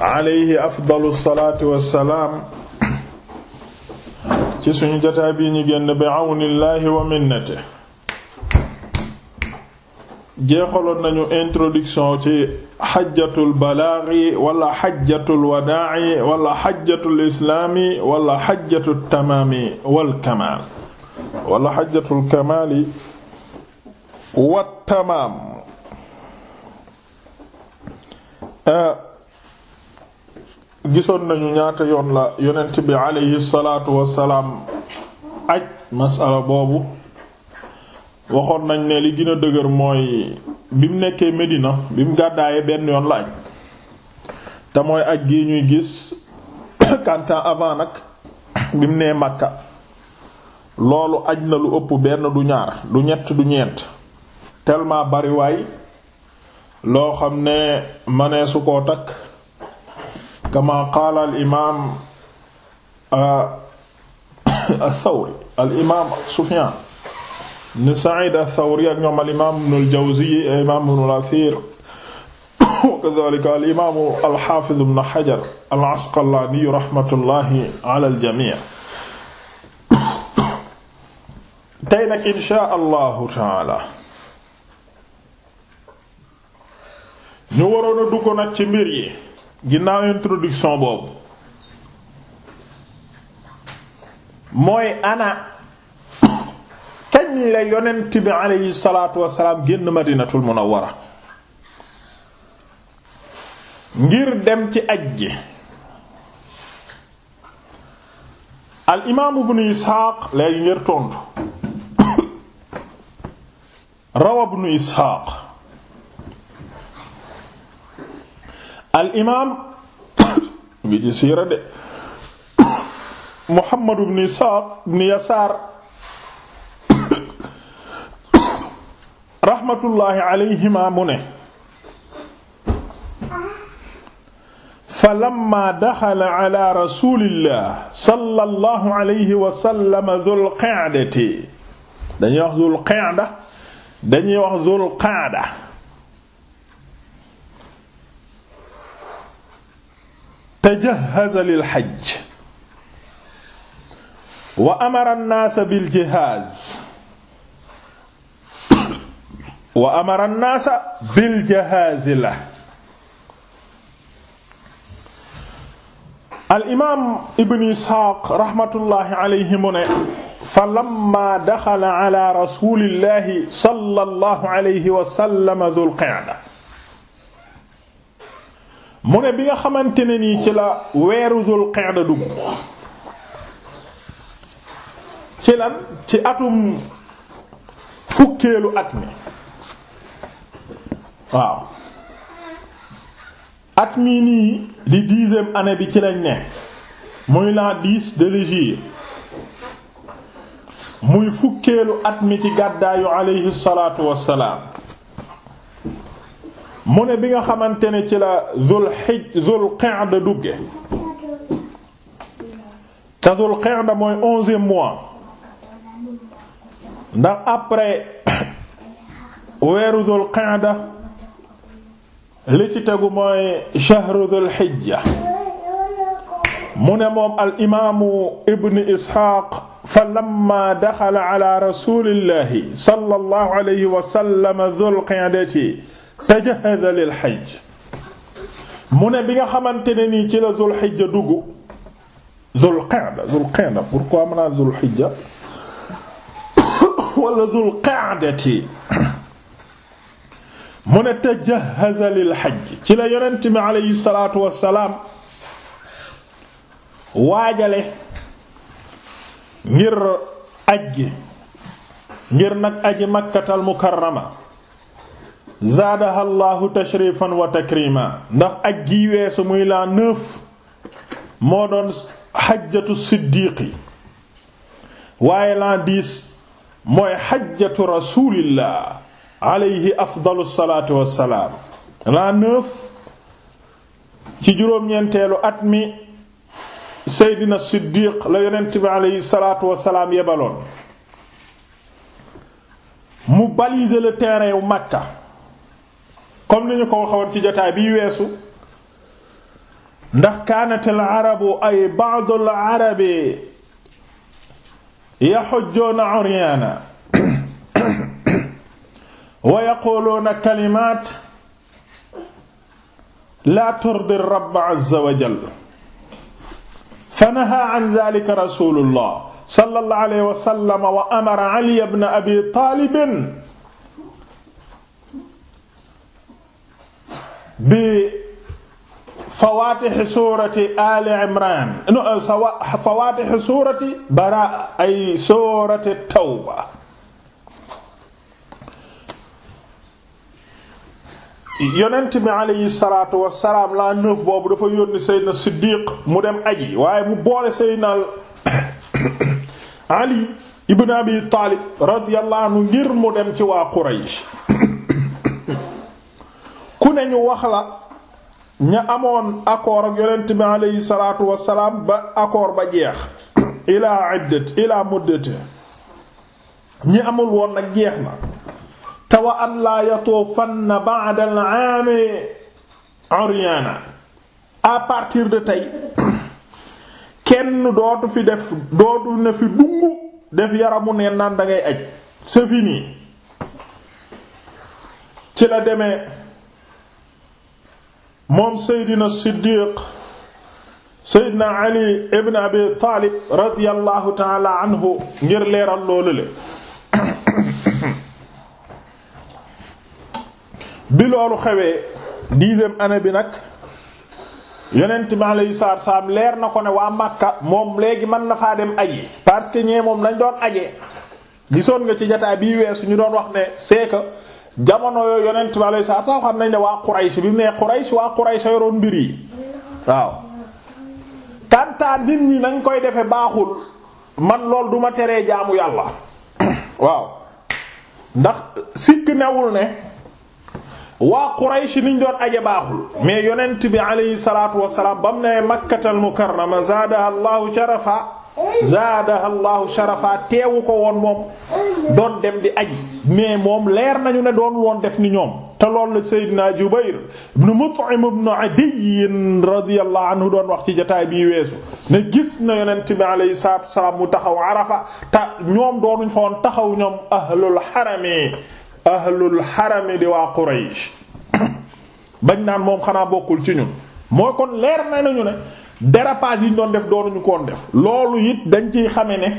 alayhi afdalu salaati wassalaam ci suñu jotaay bi ñu génn bi àwnillaahi wa minnate jeexaloon nañu introduction ci xajjatul balaagi wala xajjatul wadaa'i wala xajjatul islaami wala xajjatul tamaami wal kamaal wala xajjatul kamaali wat tamaam gisoon nañu ñaata yoon la yonent bi aleyhi salaatu wassalaam aj masala boobu waxoon nañ ne li gën dëgër mooy bi mu nekkee Medina bi mu gàddaayee benn yoon la aj te mooy aj gi ñuy gis kantaan avant nag bi mu nee Makka loolu aj na lu ëpp benn du ñaar du ñett du ñeent tellement bariwaay loo xam ne mëneesu koo takk kama qaala al imaam ath-Thawri al imaam Sufyaan ibn Sa'iid ath-Thawri ak ñoom al imaam ibn al-Jawzi imaam ibn al-Athiir wa kadhaalika al imaam al-Haafiz ibn Hajar al-Asqalaani rahmatullahi ala al-jamii' tey nag inshaa Allahu taala ñu waroon a dugg nag ci mbir yi ginnaaw introduction boobu mooy ana kañ la yonent bi aleyhi salaatu wasalaam génn madinatul munawwara ngir dem ci aj ji al imaam ibnu isxaaq léegi ngir tontu rawa ibnu isxaaq al imaam ngi ci siira de Muhammad ibn Isaaq ibn Yasaar raxmatullaahi alayhima mu ne falamma daxala ala rasulillah sallallahu alayhi wa sallam dhul qa'dati dañuy wax dhul qa'da dañuy wax dhul qa'da tajahaza lil xaj wa amara nnaasa bil jihaaz wa amara nnaasa bil jahaazi la al imaam ibn isxaaq raxmatullaahi alayhi mu ne fa lamma daxala ala rasulillahi sallallahu alayhi wa sallam dul qa'da mu ne bi nga xamante ne nii ci la weeru Dul Qa'da dugg ci lan ci atum fukkeelu at mi waaw at mi nii di dixième année bi ci lañ ne muy l'an dix de l'hégire muy fukkeelu at mi ci gàddaayu aleyhi salaatu wassalaam mu ne bi nga xamante ne ci la zul xij zul qa'da dugge te zul qa'da mooy onzième mois ndax après weeru zul qa'da li ci tegu mooy shahru zul mu ne moom al imaamu ibn isxaaq fa lamma daxala ala rasulillahi sallallahu alayhi wa sallam zul qa'dati tajahaza lil hajj mu ne bi nga xamante ne nii ci la zul hijja dugg zul qa'da zul qa'da pourquoi mën naa zul hijja wala zul qa'dati mu ne tajahaza lil hajj ci la yonent bi alayhi salaatu wassalaam waajale ngir aji ngir nag aji makkatal mukarrama zaadaha llahu tashrifan wa takrima ndax ak gi weesu muy la neuf moo doon xajjatu siddiqi waaye la dix mooy xajjatu rasulillah alayhi afdalu salaatu wassalaam la neuf ci juróom-ñeenteelu at mi seydina siddiq la yonent bi alayhi salaatu salaam yebaloon mu baliser le terrain wu Makka comme ni ñu ko waxoon ci jotaay bi weesu ndax kaanat al arabu ay ba'd al arabi yahujjuna uryaana wa yaquluuna kalimaat laa turdi rabb azza wa jalla fa nahaa an daalika rasuulullah sallallahu alayhi wa sallam wa amara ali ibn abi taalib bi fawaatixi suurati ali imran no euh, suurati bara ay suurati tawba yonent bi aleyhi salaatu wasalaam la boobu dafa yónni seydna siddiq mu dem aji waaye mu boole seydna ali ibn abi taalib radiyallahu anhu ngir mu dem ci waa quraysh ku ne ñu wax la ña amoon accord ak yonent bi aleyhi salaatu wassalaam ba accord ba jeex ilaa iddat ñi amul woon nag jeex na te wa an laa yatuufanna ba'da al-'aami uryaana à partir de tey kenn dootu fi def dootu ne fi dungu def yaramu neen naan dangay aj c'est fini ci la demee moom Seydina Siddiq Seydina Ali ibn Abi Taalib radiyallahu taala anhu ngir leeral loolu le bi loolu xewee dixième année bi nag yonent bi alayhi salaatu salaam leer na ko ne waa Makka moom léegi mën na faa dem aji parce que ñee moom lañ doon aje gisoon nga ci jotaay bii weesu ñu doon wax ne c'est que jamono yooyu yonent bi alayhi salaatu wa xam nañ ne waa Quraysh bi mais Quraysh waa Quraysh yoroon mbir yi waaw kantaa nit ñi nañ koy defe baaxul man lool duma teree jaamu yàlla waaw ndax sikk newul ne waa Quraysh niñ doon aje baaxul mais yonent bi alayhi salaatu wa salaam bam ne Makkatal Mukarrama zaadaha Allahu sharafa zaadaha allahu sharafa teewu ko woon moom doon dem di aji mais moom leer nañu ne doon woon def ni ñoom te loolu la Seydina Jubayr ibn Mut'im ibn Adiy radiyallahu anhu doon wax ci jotaay bii weesu ne gis na yonent bi alayhi salaatu wa salaam mu taxaw Arafa te ñoom doonuñ fa woon taxaw ñoom ahlul harami ahlul harami di waa Quraysh bañ naan moom xanaa bokkul ci ñun mooy kon leer nañu ne dérapage yi ñu doon def doonuñu koon def loolu it dañ ciy xame ne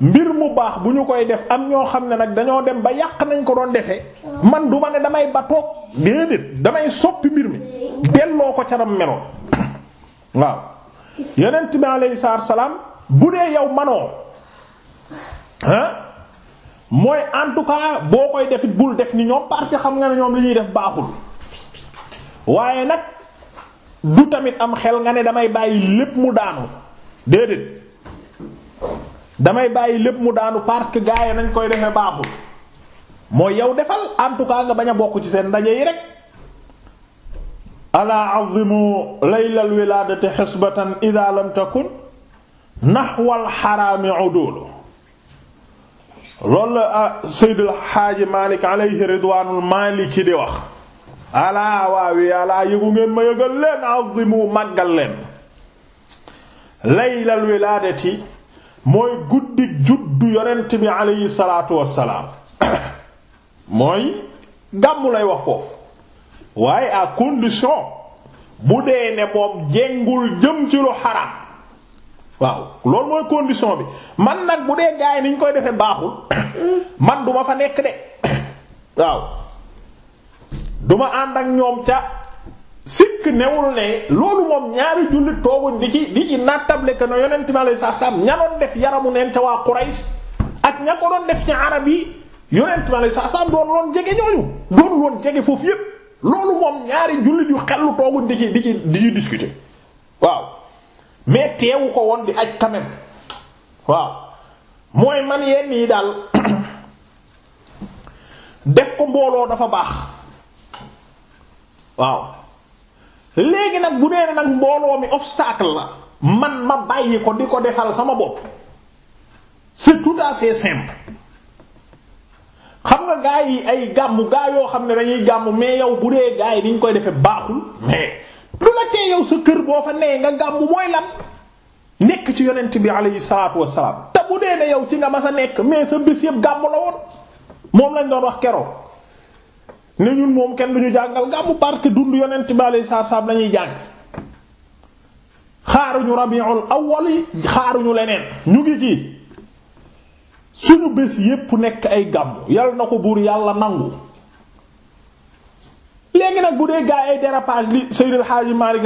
mbir mu baax bu ñu koy def am ñoo xam ne nag dañoo dem ba yàq nañ ko doon defe man du ma ne damay batoog déedéet damay soppi mbir mi delloo ko caram meloon waaw yonent bi alayhi salaam bu dee yow manoo ah mooy en tout cas boo koy defit bul def ni ñoom parce que xam nga ne ñoom li ñuy def baaxul waaye nag du tamit am xel nga ne damay bàyyi lépp mu daanu déedéet damay bàyyi lépp mu daanu parce que gars nañ koy defee baaxul mooy yow defal en tout cas nga bañ a bokk ci seen ndaje yi rek alaa azimu laylal wilaadati xisbatan idaa lam takun naxwal xaraami udulu loolu la ah, Seydil Xaaji Maalik alayhi ridwaanul maaliki di wax alaa waawi alaa yëgu ngeen ma yëgal leen azimu màggal leen laylal wilaadati mooy guddik juddu yonent bi aleyhi salaatu wassalaam mooy gàmmu lay wax foofu waaye à condition bu dee ne moom jengul jëm ci lu xaram waaw loolu mooy condition bi man nag bu dee gaay ni koy defee baaxul man duma fa nekk de waaw duma ànd ak ñoom ca sikk newul ne loolu moom ñaari jullit tooguñ di ci di ci nattable que ne yonent mi alayhi salaam ña doon def yaramu neen ca waa Quraysh ak ña ko doon def ci arab yi yonent mi alayhi salaam doon loon jege ñooñu foofu yépp loolu moom ñaari jullit yu xellu tooguñ di ci di ci di discuter waaw mais teewu ko woon di aj quand même waaw mooy man yenn yi daal def ko mbooloo dafa baax. waaw léegi nag bu dee nag mbooloo mi obstacle la man ma bàyyi ko di ko defal sama bopp c'est tout à fait xam nga gaa yi ay gàmmu gaa yoo xam ne dañuy gàmmu mais yow bu dee gaa yi ni ñu koy defee baaxul mais du la tee yow sa kër boo fa nee nga gàmmu mooy lan nekk ci yonent bi alayhi salaatu wassalaam te bu dee ne yow ci nga ma sa nekk mais sa bés yëpp gàmmu la woon moom lañ doon wax keroog. ne ñun moom kenn duñu jàngal gàmmu barke dund yonent bi alayhi salaam lañuy jàng xaaruñu rabiul awwal xaaruñu leneen ñu ngi ci suñu bés yépp nekk ay gàmmu yal na ko buur yàlla nangu léegi nag bu dee gaa ay dérapage li Seydou El Hadji Malick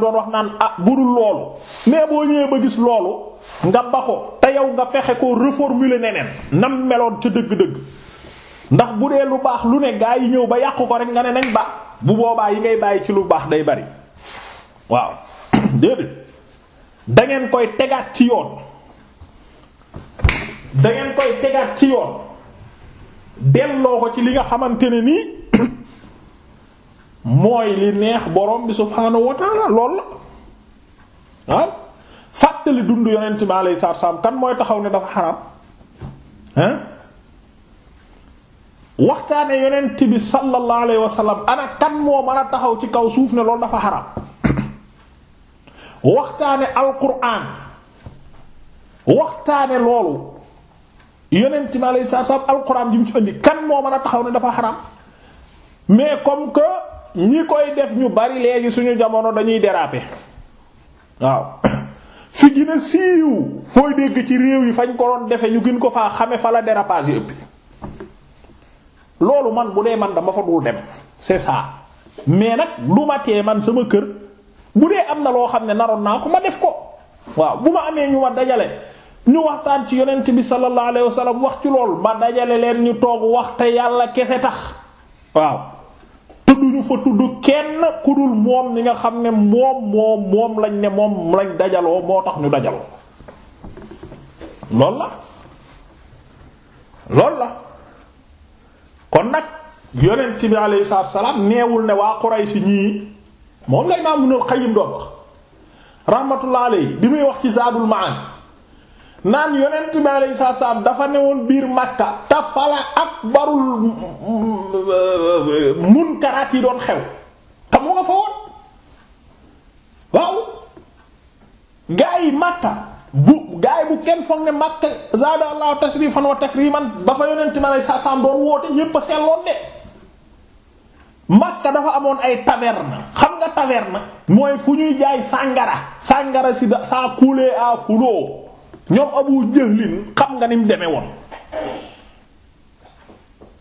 doon wax naan ah budul loolu mais boo ñëwee ba gis loolu nga ba te yow nga fexe ko reformuler neneen nam meloon ca dëgg-dëgg ndax bu dee lu baax lu ne gaa yi ñëw ba yàq ko rek nga ne nañ ba bu boobaa yi ngay bàyyi ci lu baax day bari waaw déedéet da ngeen koy tegaat ci yoon dangeen koy tegaat ci yoon delloo ko ci li nga xamante ne nii mooy li neex borom bi subhaanahu wa taala lool la waaw fàttali dund yonent bi alayhi salaam kan mooy taxaw ne dafa xaram waxtaane yonent bi sallallahu alayhi wa sallam ana kan moo mën a taxaw ci kaw suuf ne loolu dafa xaram waxtaane alquran waxtaane loolu yonent bi alayhi salaam alquran ji mu ci indi kan moo mën a taxaw ne dafa xaram mais comme que ñi koy def ñu bari léegi suñu jamono dañuy déraper waaw fi gën a siiw fooy dégg ci réew yi fañ ko doon defe ñu gën ko faa xame fa la dérapage yi ëpp loolu man bu dee man dama fa dul dem c'est ça mais nag du ma tee man sama kër bu dee am na loo xam ne naroon naa ko ma def ko waaw bu ma amee ñu ma dajale ñu waxtaan ci yonent bi sallallahu alayhi wasallam wax ci loolu ma dajale leen ñu toog wax te yàlla kese tax waaw tudd ñu fa tudd kenn ku dul moom ni nga xam ne moom moom moom lañ ne moom lañ dajaloo moo tax ñu dajaloo lool la lool la kon nag yonent bi alayhi salaam neewul ne waa Quraysh ñii moom la Imaam Ibnul Qayyim doon wax rahmatullah bi muy wax ci Zaadul Ma'aad naan yonent bi alayhi salaatu salaam dafa newoon biir Makka tafala akbarul euh, munkaraat yi doon xew te mu nga fa woon waaw gaa yi Makka. bu gaay bu kenn foog ne Makka zaada Allahu tashrifan wa takriman ba fa yonent ma lay sa sam doon woote yépp selloon de Makka dafa amoon ay taverne xam nga taverne mooy fu ñuy jaay sàngara sàngara si da saa kuulee à fuloo ñoom Abu Jahlin xam nga ni mu woon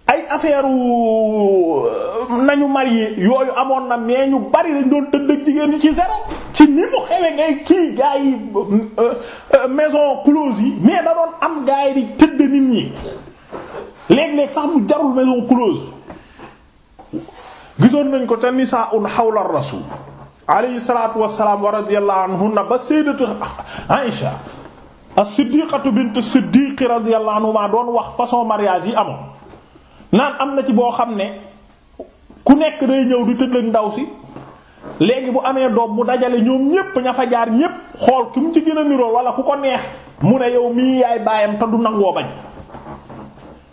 ay affaire euh, nañu marie yooyu amoon na mais ñu bari dañ doon tëdd jigéen ñi ci zéro ci ni mu xewe ngay kii gaa euh, euh, maison close yi mais da doon am gaa yi di nit ñi léeg-léeg sax mu jarul maison close gisoon nañ ko te nisaa un xawla rasul alayhi salaatu wassalaam wa radiyallahu anhunna ba sayyidatu Aïsha as-siddiqatu bint as-siddiq doon wax façon mariage yi amoon naan am na ci boo xam ne ku nekk day ñëw di tëdd ak ndaw si léegi bu amee doom bu dajale ñoom ñépp ña fa jaar ñépp xool ki mu ci gën a niroo wala ku ko neex mu ne yow mii yaay baayam te du nangoo bañ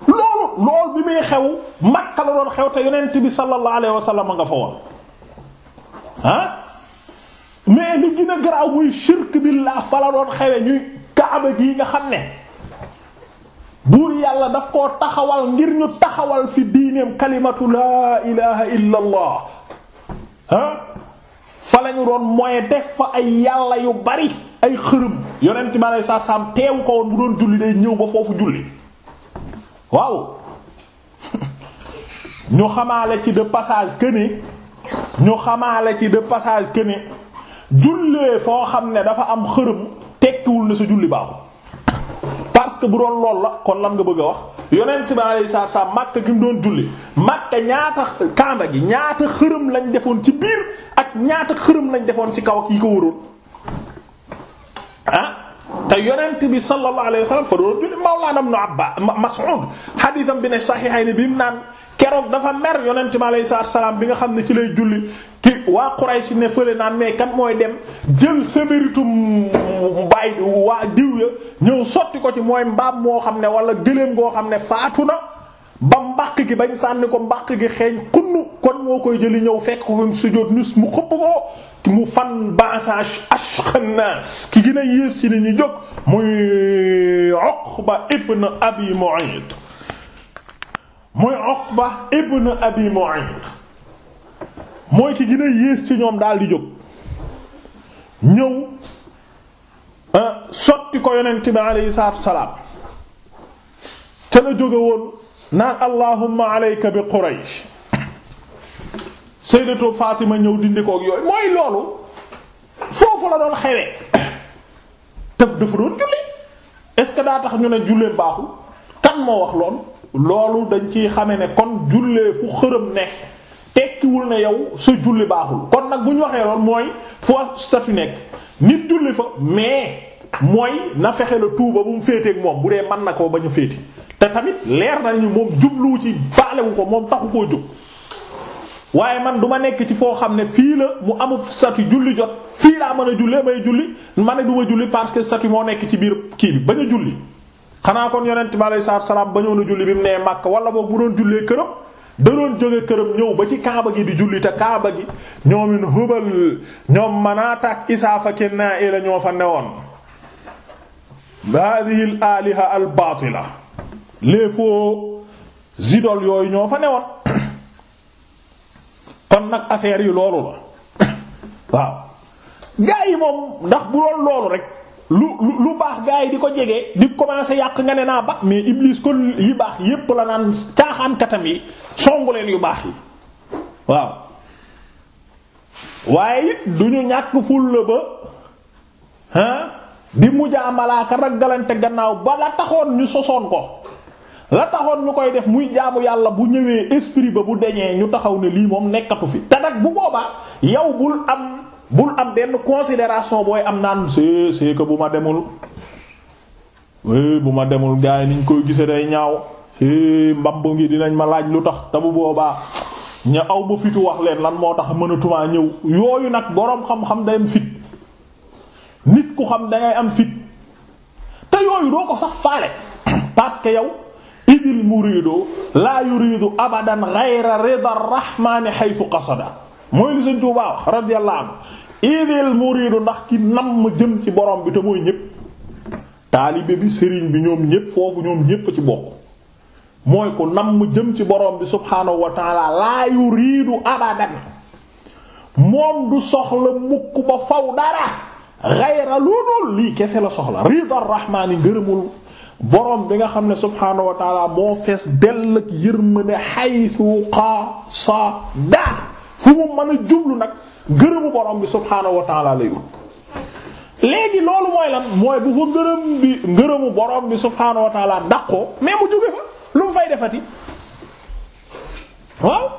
loolu loolu bi muy xew Makka la doon xew te yonent bi sallallahu alayhi wa sallam nga fa woon ah mais li gën a garaaw muy shirk billah fa la doon xewe ñuy kaaba gi nga xam ne buur yàlla daf koo taxawal ngir ñu taxawal fi diineem kalimatu laa ilaha illa allah ah fa lañu doon mooy def fa ay yàlla yu bari ay xërëm yonent bi aleyhi salaatu salaam teewu ko woon bu doon julli day ñëw ba foofu julli waaw ñu xamaale ci de passage que ne ñu xamaale ci de passage que ne jullee foo xam ne dafa am xërëm tekkiwul ne sa julli baaxul parce que bu doon lool la kon lan nga bëgg a wax yonent bi alayhi salaatu salaam Makka gi mu doon julli Makka ñaata Kaaba gi ñaata xërëm lañ defoon ci biir ak ñaata xërëm lañ defoon ci kaw ak yi ko wëroon ah te yonent bi sallallahu alayhi wa sallam fa doon julli Mawlaana Ibn Abbaas Mas'ud xadiisam bi ne saxiixayni bi mu naan keroog dafa mer yonent bi alayhi salaam bi nga xam ne ci lay julli ki waa Quraysh ne fële naan mais kan mooy dem jël saméritum bàyyi waa diw ñëw sotti ko ci mooy mbaam moo xam ne wala gëléem goo xam ne faatu na ba mbàq gi bañ sànni ko mbàq gi xeeñ xunn kon moo koy jëli ñëw fekk ko fi mu sujjóot nus mu xëpp ko mu fan bansage ashxanaas ki gën a yées ci ni ñu jóg muy Uqba ibn Abi Mu'ayt muy Uqba ibn Abi Mu'ayt mooy ci gën a yées ci ñoom daal di jóg ñëw ah, sotti ko yonent bi aleyhi salaam te la jóge woon naan allahumma aleyka bi quraysh sayyidatu Fatima ñëw dindi ko yooyu mooy loolu foofu la doon xewee te dafa doon julli est ce que daa tax ñu ne jullee baaxul kan moo wax lool loolu dañ ciy xame ne kon jullee fu xërëm ne tekkiwul ne yow sa julli baaxul kon nag bu ñu waxee lool mooy foo statut nekk nit julli fa mais mooy na fexe la tuuba bu mu féeteeg moom bu dee man na koo bañ a féete te tamit leer nañu moom jubluwu ci faalewu ko moom taxu koo jóg waaye man du ma nekk ci foo xam ne fii la mu amul statut julli jot fii laa mën a may julli ma ne du ma julli parce que statut moo nekk ci biir kii bi bañ a julli xanaa kon yonent bi alayhi salaam bañoon a julli bi mu nee Makka wala da doon jóge këram ñëw ba ci kaaba gi di julli kaaba gi ñoomin Hubal ñoom Manaat ak Isaafa ki Naa'ila ñoo fa newoon haadihi aliha al baatila les faux yooyu ñoo fa newoon kon nag affaire yi loolu la waaw gaa yi moom ndax bu doon loolu rek lu lu baax gars yi di ko jege di commencer yàq nga ne naa ba mais Iblis ko yi baax yépp la naan caaxaan katam yi songu leen yu baax yi waaw waaye it du ñu ñàkk fulla ba ah di mujjaa malaaka raggalante gannaaw ba la taxoon ñu sosoon ko la taxoon ñu koy def muy jaamu yàlla bu ñëwee esprit ba bu deñee ñu taxaw ne lii moom nekkatu fi te nag bu boobaa yow bul am. bul am benn consideration booy am naan c'est c'est bu ma demul bu ma demul gars yi niñ koy gise day ñaaw eh, mbamb ngi dinañ ma laaj lu tax te bu boobaa ña aw ba fitu wax leen lan moo tax mënatumaa ñëw yooyu nag boroom xam-xam day am fit nit ku xam dangay am fit te yooyu doo ko sax faale parce que yow idil murido la yuridu abadan ghayra rida rahmani haythu qasada mooy li Sëriñ Tuubaa wax radiyallahu anhu idil muridu ndax ki namm jëm ci borom bi te mooy ñépp taalibe bi sëriñ bi ñoom ñépp foofu ñoom ñépp ci bokk mooy ku namm jëm ci borom bi subhaanahu wa taala laa yuriidu abadan moom du soxla mukk ba faw dara xayra lu dul lii kese la soxla riida rahmaani ngërëmul borom bi nga xam ne subhaanahu wa taala moo fees dell ak yërmande xaytu xaa sa daa fu mu mën a jublu nag gërëmu borom bi subhaanahu wa taala lay ut léegi loolu mooy lan mooy bu fa ngërëm bi ngërëmu borom bi subhaanahu wa taala daqoo mais mu jóge fa lu mu fay defati waaw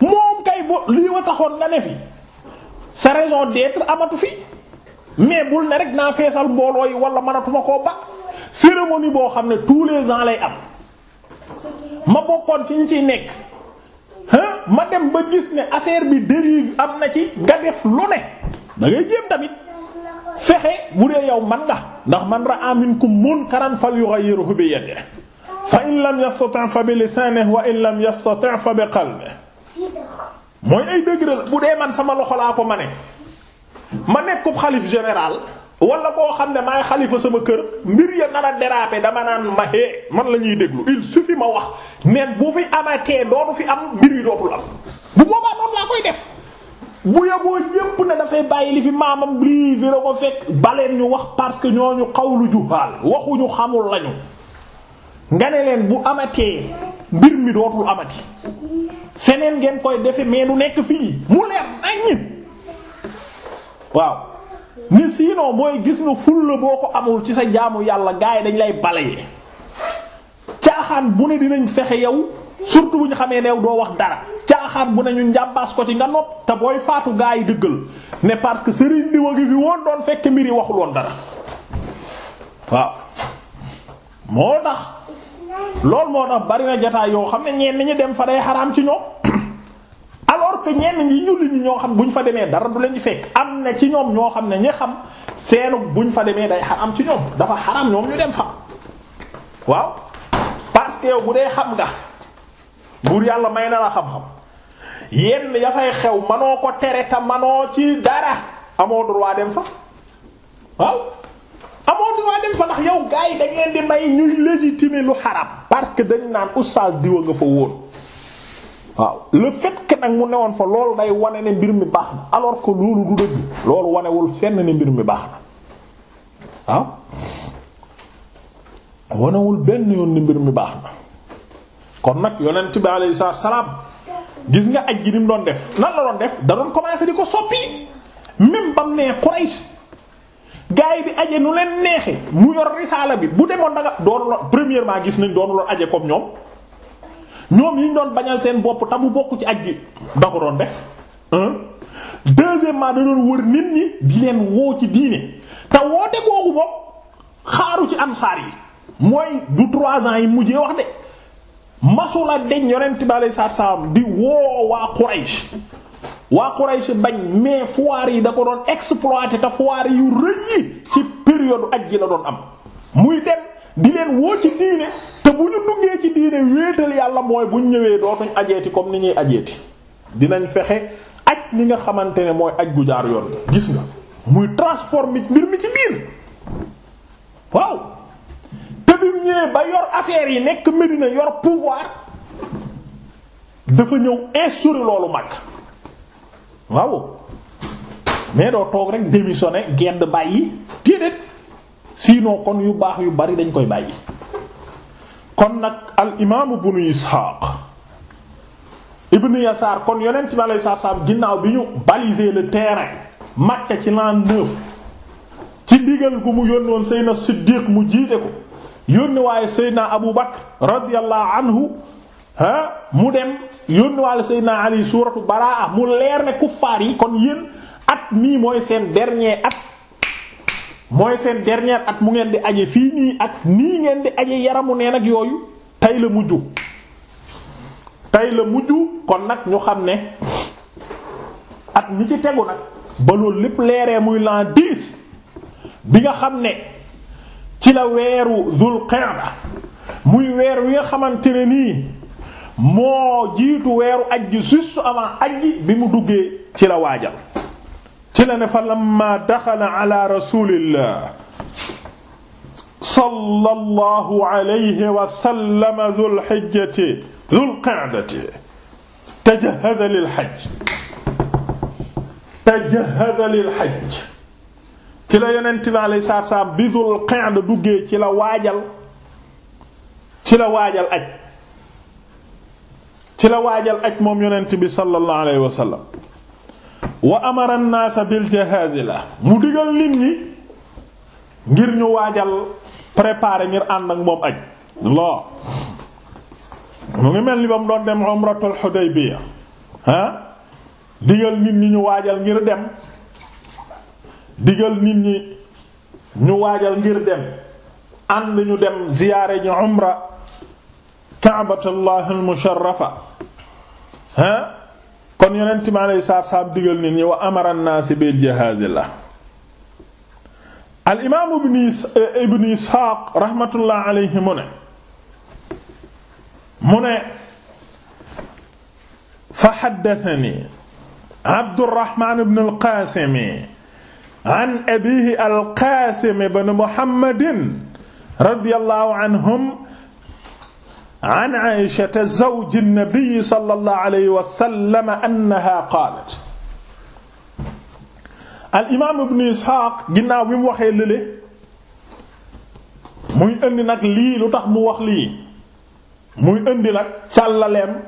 moom kay bo lii wa taxoon nga ne fi sa raison d'être amatu fi mais bul ne rek naa feesal mbooloo yi wala mënatuma koo ba cérémonie boo xam ne tous les ans lay am ma bokkoon ci ñi ciy nekk ma dem ba gis ne affaire bi dérive am na ci nga def lu ne da ngay jéem tamit fexe bu dee yow man nga ndax man ra'a minkum munkaran falyughayyirhu bi yadihi fa in lam yastati' fa bi lisanihi wa in lam yastati' fa bi qalbihi mooy ay degré la bu dee man sama loxo laa ko ma ne ma nekkub xalif général wala koo xam ne maay xalifa sama kër mbir ya nar a dama naan ma hee eh, man la ñuy déglu il fi ma wax mais bu fi amatee dootu fi am mbir bu boobaa noonu laa koy bu yaboo yépp ne dafay ñu wax parce que ñooñu xawlu juhaal waxuñu xamul lañu leen bu amatee mbir mi dootul amati feneen ngeen koy defe mais nu nekk fii mu leer naññ waaw ni sinon booy gis nga fulla boo ko amul ci sa jaamu yàlla gars yi dañ lay balaye caaxaan bu ne dinañ fexe yow surtout bu ñu xamee new doo wax dara caaxaan bu ne ñu njàmbaas ko ci nga nopp te booy faatu gars yi dëggal mais parce que sëriñ diwa gi fi woon doon fekk mbir yi waxul woon dara waaw moo tax loolu moo tax bari na jotaay yoo xam ne ñenn ñi dem fa day xaraam ci ñoom. alors que ñenn ñi julli ñi ñoo xam buñ fa demee dara du leen ci fekk am na ci ñoom ñoo xam ne ñi xam seenu buñ fa demee day am ci ñoom dafa xaram ñoom ñu dem fa waaw parce que bu dee xam nga buur yàlla may na la xam-xam yenn ya fay xew manoo ko tere te manoo ci dara amoo droit dem fa waaw amoo droit dem fa ndax yow gars yi dañ leen di may ñuy légitimer lu xaram parce que dañ naan oustaz diwa nga fa woon waaw le fait que nag mu newoon fa loolu day wane ne mbir mi baax na alors ko loolu du dëgg loolu wanewul fenn ne mbir mi baax na ah waaw wul benn yoon ne mbir mi baax na kon nag yonent bi alayhi salaam gis nga aj ji ni mu doon def nan la doon def da doon commencer di ko soppi même bam nee Quraysh gaa bi aje nu leen neexe mu yor risaala bi bu demoon da doon doonu loon premièrement gis nañ doonu loon aje comme ñoom ñoom yi doon bañal seen bopp te mu bokk ci aj gi da ko doon def un deuxièmement da doon wër nit ñi di leen woo ci diine te woote googu moom xaaru ci ansaar yi mooy du trois ans yi mujjee wax de masula deñ yonent bi alei satu salaam di woo waa Quraysh waa Quraysh bañ mais foire yi da ko doon exploiter te foire yu rëy yi ci période aj gi la doon am muy dem di leen woo ci diine te bu ñu duggee ci diine wéetal yàlla mooy bu ñu ñëwee dootuñ ajeeti comme ni ñuy ajeeti dinañ fexe aj li nga xamante ne mooy aj gu jaar yoon gis nga muy transformer mbir mi ci biir waaw te bi ñëwee ba yor affaire yi nekk Medina yor pouvoir dafa ñëw instaurer loolu mag waaw mais doo toog rek démissionner gedd bàyyi déedéet sinon kon yu baax yu bari dañ koy bàyyi kon nag al imaamu ibnu Isxaaq ibnu Yasaar kon yonent bi alayhi salaatu salaam ginnaaw bi ñu baliser le terrain Makka ci l'an neuf ci ndigal gu mu yónni woon Seydina Siddiq mu jiite ko yónni waaye na Abu Bakr radiyallahu anhu ah mu dem yónni waale Seydina Ali suuratu Baraa mu leer ne kuffaar yi kon yéen at mii mooy seen dernier at. mooy seen dernier at mu ngeen di aje fii nii at nii ngeen di aje yaramu neen ak yooyu tey la mujj tey la mujj kon nag ñu xam ne at mi ci tegu nag ba lépp leeree muy l'an dix bi nga xam ne ci la weeru Dhul Qa'da muy weer wi nga xamante ne nii moo jiitu weeru ajji juste avant ajji bi mu duggee ci la waajal ci la ne fa lamma daxala ala rasulillah sallallahu alayhi wa sallam dhul hijjati dhul qa'dati tajahhaza lil hajj tajahhaza lil hajj ci la yonent bi alayhi salaatu salaam bi dhul qa'da duggee ci la waajal ci la waajal aj ci la waajal aj moom yonent bi sallallahu alayhi wa sallam wa amara an-naasa bil jahaaz la mu digal nit ñi ngir ñu waajal préparer ngir ànd ak moom aj loo mu ngi mel ni ba mu doon dem umratul Hudaybiya ah digal nit ñi ñu waajal ngir dem digal nit ñi ñu waajal ngir dem ànd ñu dem ziyaare ji umra Ka'batullah al-musharrafa ah kon yonent mi alayhi salaatu salaam digal nit ñi wa amara an-naas bil jihaazi la al imaam ibn Isxaaq eh, rahmatullah alayhi mu ne mu ne fa haddathanii Abdurrahmaan ibn al-Qaasim an abiihi al-Qaasim ibn Muhammadin radiyallahu anhum an Aysata zawji nabi sallallahu alayhi wa sallam annaha qaalat al imaam ibn Isxaaq ginnaaw bi mu waxee lële muy indi nag lii lu tax mu wax lii muy indi nag càllaleem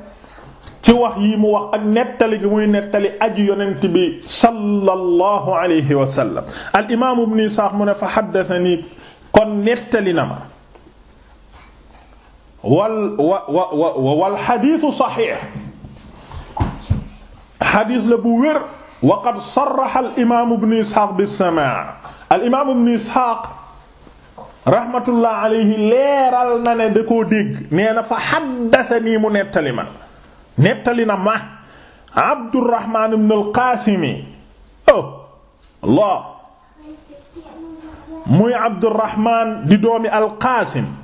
ci wax yi mu wax ak nettali gi muy nettali aju yonent bi sallallahu alayhi wa sallam al imaam ibn Isxaaq mu ne fa haddathanii kon nettali na ma. wal wa wa wa wal xadiisu saxiix xadiis la bu wér waqad sarraxa al imaamu ibnu Isxaaq bis-samaa al imaamu ibnu Isxaaq rahmatullah alayhi leeral na ne da koo dégg nee na fa xaddasanii mu nettali ma nettali na ma Abdurrahmaan ibnu al-Qaasimi oh Allah muy Abdurrahmaan di doomi al-Qaasim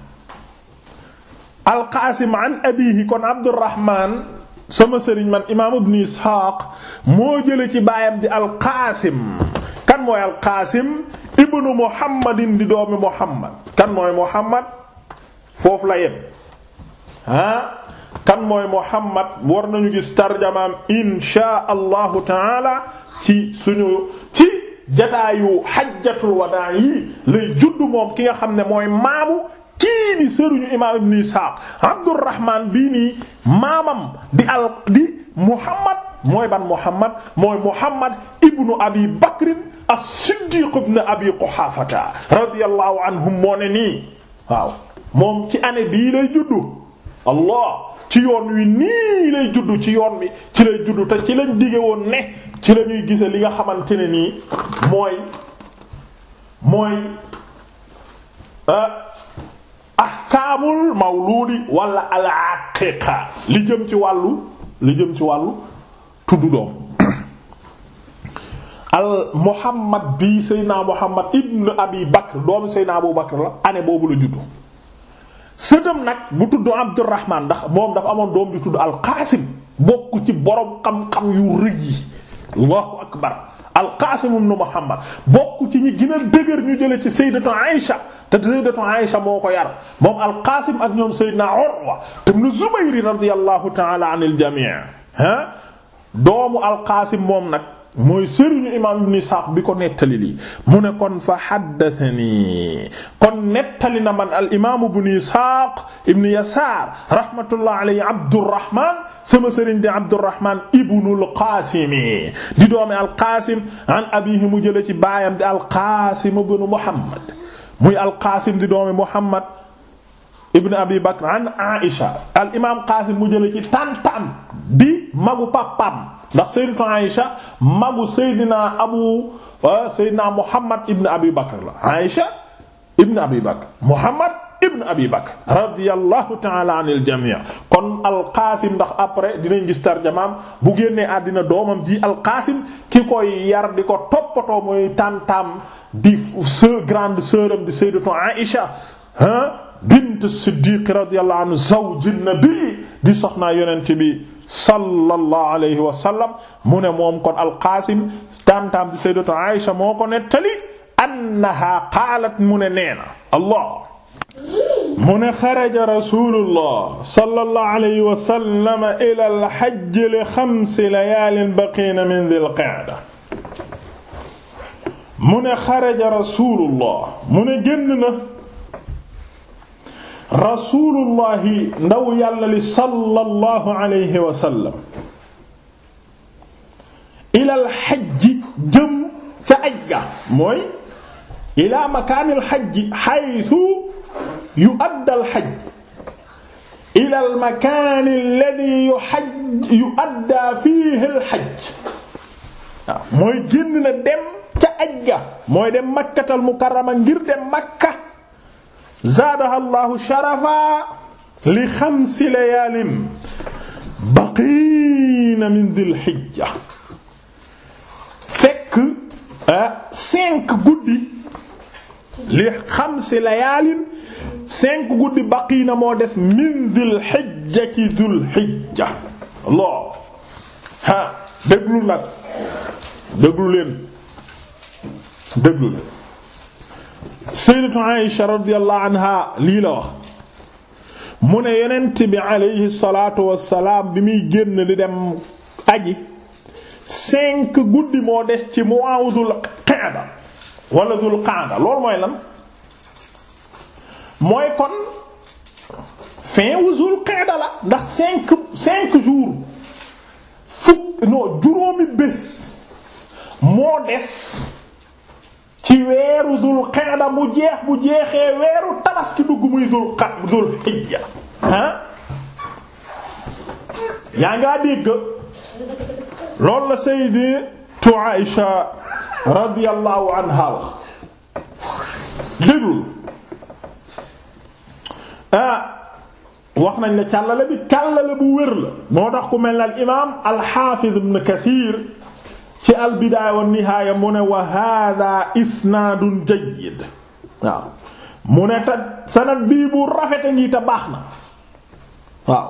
alqaasim an abihi kon abdurrahman sama sëriñ man imaam ibn isxaaq moo jële ci baayam di alqaasim kan mooy alqaasim ibnu muhammadin di doomi muhammad kan mooy muhammad foofu la yem ah kan mooy muhammad war nañu gis tarjamaam inshaa allahu taala ci suñu ci jataayu xajjatul wadaa yi lay juddu moom ki nga xam ne mooy maamu kii di sëriñu imaam ibn Isaaq Abdurrahman bii nii maamam di al di Muhammad mooy ban Muhammad mooy Muhammad ibnu Abi Bakr as-Siddiq ibn Abi Quhaafata radiyallahu anhum moo ne nii waaw moom ci année bii lay juddu Allah ci yoon wi nii lay juddu ci yoon wi ci lay juddu te ci lañ dige woon ne ci la ñuy gise li nga xamante ne nii mooy mooy ah ahkaamul mawludi wala al aqiqa li jëm ci wàllu li jëm ci wàllu tuddu doom al muhammad bi seydna muhammad ibn abi bakr doomu seydna abu bakr la année boobu la juddu sëtam nag bu tudd abdurrahman ndax moom dafa amoon doom di tudd al qaasim bokk ci boroom xam-xam yu rëy yi allahu akbar al-Qaasim ibn Muhammad bokk ci ñi gën dëgër ñu jële ci sayyidatu Aïsha te sayyidatu Aïsha moo ko yar moom al ak ñoom sayyidina Urwa ibn Zubayr radiyallahu ta'ala anil jamii ha doomu al moom nag mooy sëriñu imaam ibn Isaaq bi ko nettali lii mu ne kon fa haddathani kon nettali na man al imaam ibn Isaaq ibn Yasaar rahmatullah alayhi Abdurrahman sama sëriñ di Abdurrahman ibnul Qaasim di doomi al Qaasim an abiihi mu jëlee ci baayam di al Qaasim ibn Muhammad muy al Qaasim di doomi Muhammad ibn Abi Bakr an Aisha al imaam Qaasim mu jëlee ci tantam di magu papam ndax sayyidatu Aïsha magu sayyidina abu ah, sayyidina Muhammad ibn Abi Bakr la Abi Bakr Muhammad ibn Abi Bakr radiyallahu ta'ala anil jami' kon alqaasim ndax après dinañ gis tarjamaam bu génnee àddina doomam ji alqaasim ki koy yar di ko toppatoo mooy tantam di sœur grande sœur am di sayyidatu Aïsha ah, bint Siddiq radiyallahu anhu zawj an-nabi di soxna yonent bi sallallahu alayhi wa sallam mu ne moom kon alqaasim taam-taam bi sayyidatu Aisha moo ko nettali annaha qaalat mu ne nee na allah mu ne xaraja rasulullah sallallahu alayhi wa sallam ila al-hajj li xamsi layaalin baqiina min dhil qa'da mu ne xaraja rasulullah mu ne génn na rasulullahi ndaw yàlla li sallallahu alayhi wa sallam ilal xajji jëm ca ajja mooy ila makaanil xajji xaytu yu addal xaj ilal makaani alladi yu xaj yu addaa fiihi al xaj waaw mooy génn na dem ca ajja mooy dem makkatal mukarrama ngir dem makka. zaadaha llahu sharafa li xamsi layaalin baqiina min dil hijja fekk ah, cinq guddi li xamsi layaalin cinq guddi baqiina moo des min dil hijja ci dul hijja loo ha déglu nag déglu leen déglu leen sayyidatu Aisha radiyallahu anha lii la wax mu ne yonent bi alayhi salaatu wassalaam bi muy génn di dem aji cinq guddi moo des ci mois dul qaada wala dul qaada loolu mooy lan mooy kon fin wu dul qaada la ndax cinq cinq jours fukk juróomi bés moo des ci weeru dul xeeda mu jeex bu jeexee weeru tabaski dugg muy dul xa dul xijja ah yaa ngaa dégg loolu la sayyidatu Aïsha radiyallahu anha wax déglul ah wax nañ la càllale bi càllale bu wér la moo tax ku mel ne al imaam al xaafiz ibn Kathir ci albidaaya wa nihaaya mu ne wa hada isnaadun jayyid waaw mu ne te sanad bii bu rafete ngi baax na waaw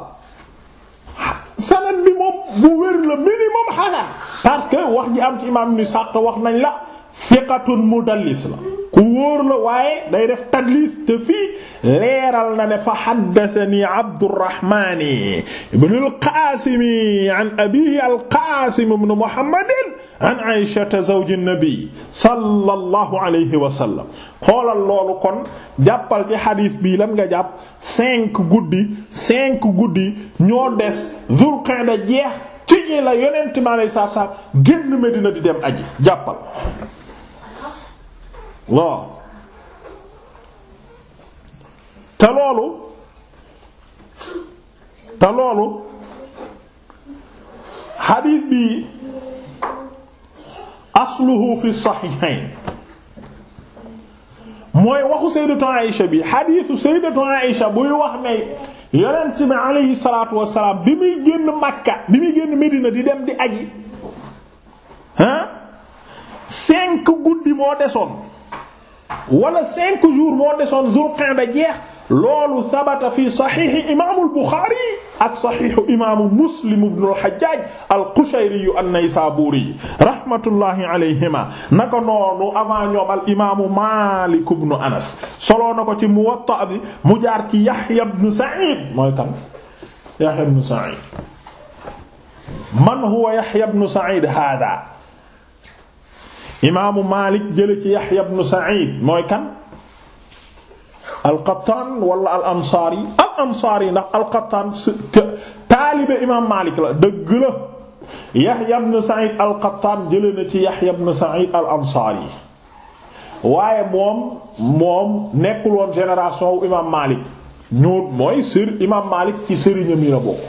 sanad bi moom bu wér la minimum hasan parce que wax ji am ci imaam ni sàq wax nañ la siqatun mudallis la ku day def tadlis te na ne fa haddathani Abdurrahmani ibn al-Qasimi an abihi xoolal loolu kon jàppal ci xadiis bii lan nga jàpp cinq guddi cinq ñoo des Zul Qa'da jeex ci ñi la yonent mi alayhi salaam génn Medina di dem aji jàppal waaw te loolu te loolu xadiis bi asluhu fi saxiixayn mooy waxu sayyidatu Aïsha bi xadiisu sayyidatu Aïsha buy wax ne yonent bi alayhi salaatu wassalaam bi muy génn Makka bi muy génn Medina di dem di aji ah cinq guddi moo desoon wala cinq jours moo desoon Dul Qa'da jeex loolu sabata fi saxiixi imaamul Buxaari ak saxiixu imaamu Muslim ibnul Hajjaaj al-Qushayri an-Naysaabuuri rahmatullahi alayhima naka noonu avant ñoom al imaamu Maalik ibnu Anas solo na ko ci Muwatta bi mu jaar ci Yahya ibnu Sa'iid mooy kan Yahya ibnu Sa'iid man huwa Yahya ibnu Sa'iid haadaa imaamu Maalik jële ci Yaxya ibn Sa'iid mooy kan al-Qattaan wala al-Ansaari al-Ansaari ndax al-Qattaan taalibe imaam Maalik la dëgg la Yaxya ibn Sa'iid al-Qattaan jële na ci Yaxya ibn Sa'iid al-Ansaari waaye moom moom nekkul woon génération wu imaam Maalik ñoo mooy sër imaam Maalik ci sëriñam yi la bokk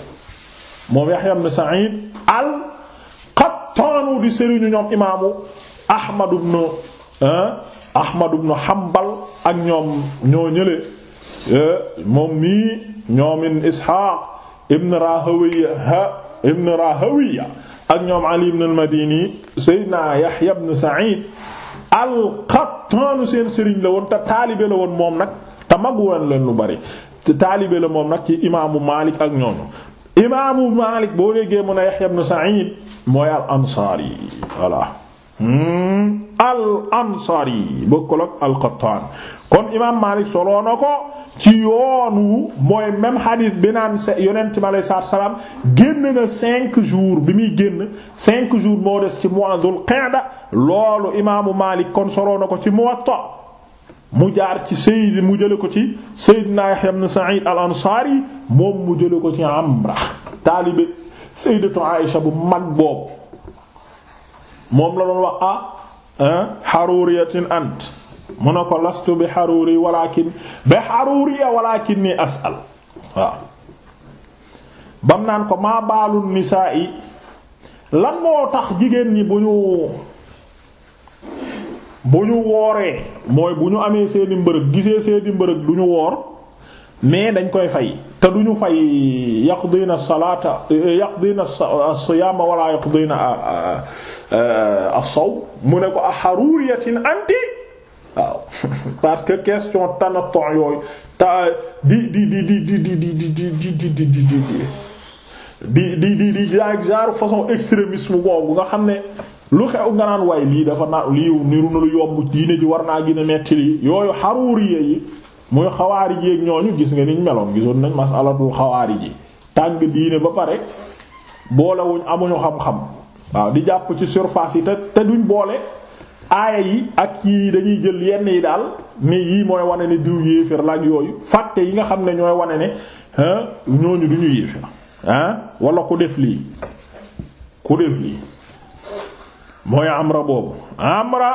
moom Yaxya ibn Sa'iid al-Qattaanu di sëriñu ñoom imaamu. Ahmad ibn Ahmad ak ñoom ñoo ñële eh, moom mii ñoo Ishaq ibn Rahawiya Rahawiya ak ñoom Ali ibn al-Madini Seydina Yahya ibn Sa'id al-Qattaanu seen sëriñ la woon te taalibe la woon moom nag te mag leen lu bari te taalibe la moom nag ci imaamu Maalik ak ñooñu imaamu Maalik boo léegee mun a Yahya ibn Sa'id mooy al-Ansaari voilà Hmm. al ansari bokkul ak al qattaan kon imaam Maalik soloo na ko ci yoonu mooy même hadith bi naan yonent bi alayhi salaam génn na cinq jours bi muy génn cinq jours moo des ci mois Dul Qa'da loolu imaamu Maalik kon soloo na ko ci Muwatta mu jaar ci Sayyid mu jële ko ci Sayyidina Yahya ibn Sa'id al ansari moom mu jële ko ci Amra taalibe Sayyidatu Aïsha bu mag boobu. moom la doon wax a ah xaruriyatin ant mu ne ko lastu bi xaruri walakin bi xaruriya walakin ni asal waaw bam naan ko maa baalu nisaa yi lan moo tax jigéen ñi bu ñu bu ñu wooree mooy bu ñu amee seeni mbërëg gisee seeni mbërëg du ñu woor mais dañ koy fay te du ñu fay yaqdiina salaata yaqdiina siyaama wala yaqdiina a sow mu ne ko a haruriyatin anti waaw parce que question tanaton yooyu ta di di di di di di di di di di di di di di di di di genre façon extrémisme boobu nga xam ne lu xew nga naan waay lii dafa na lii niru na lu yomb diine ji war naa gën metti lii yooyu xaruuriye yi muy xawaarij yi ak ñooñu gis nga niñ meloon gisoon nañ masalatu xawaarij yi tàng diine ba pare boolewuñ amuñu xam-xam waaw di jàpp ci surface yi te te duñ boole aaya yi ak yii dañuy jël yenn yi daal ni yii mooy wane ne diw yéefér laaj yooyu fàtte yi nga xam ne ñooy wane ne ñooñu du ñu yéefér ah wala ku def lii ku def lii mooy amra boobu amra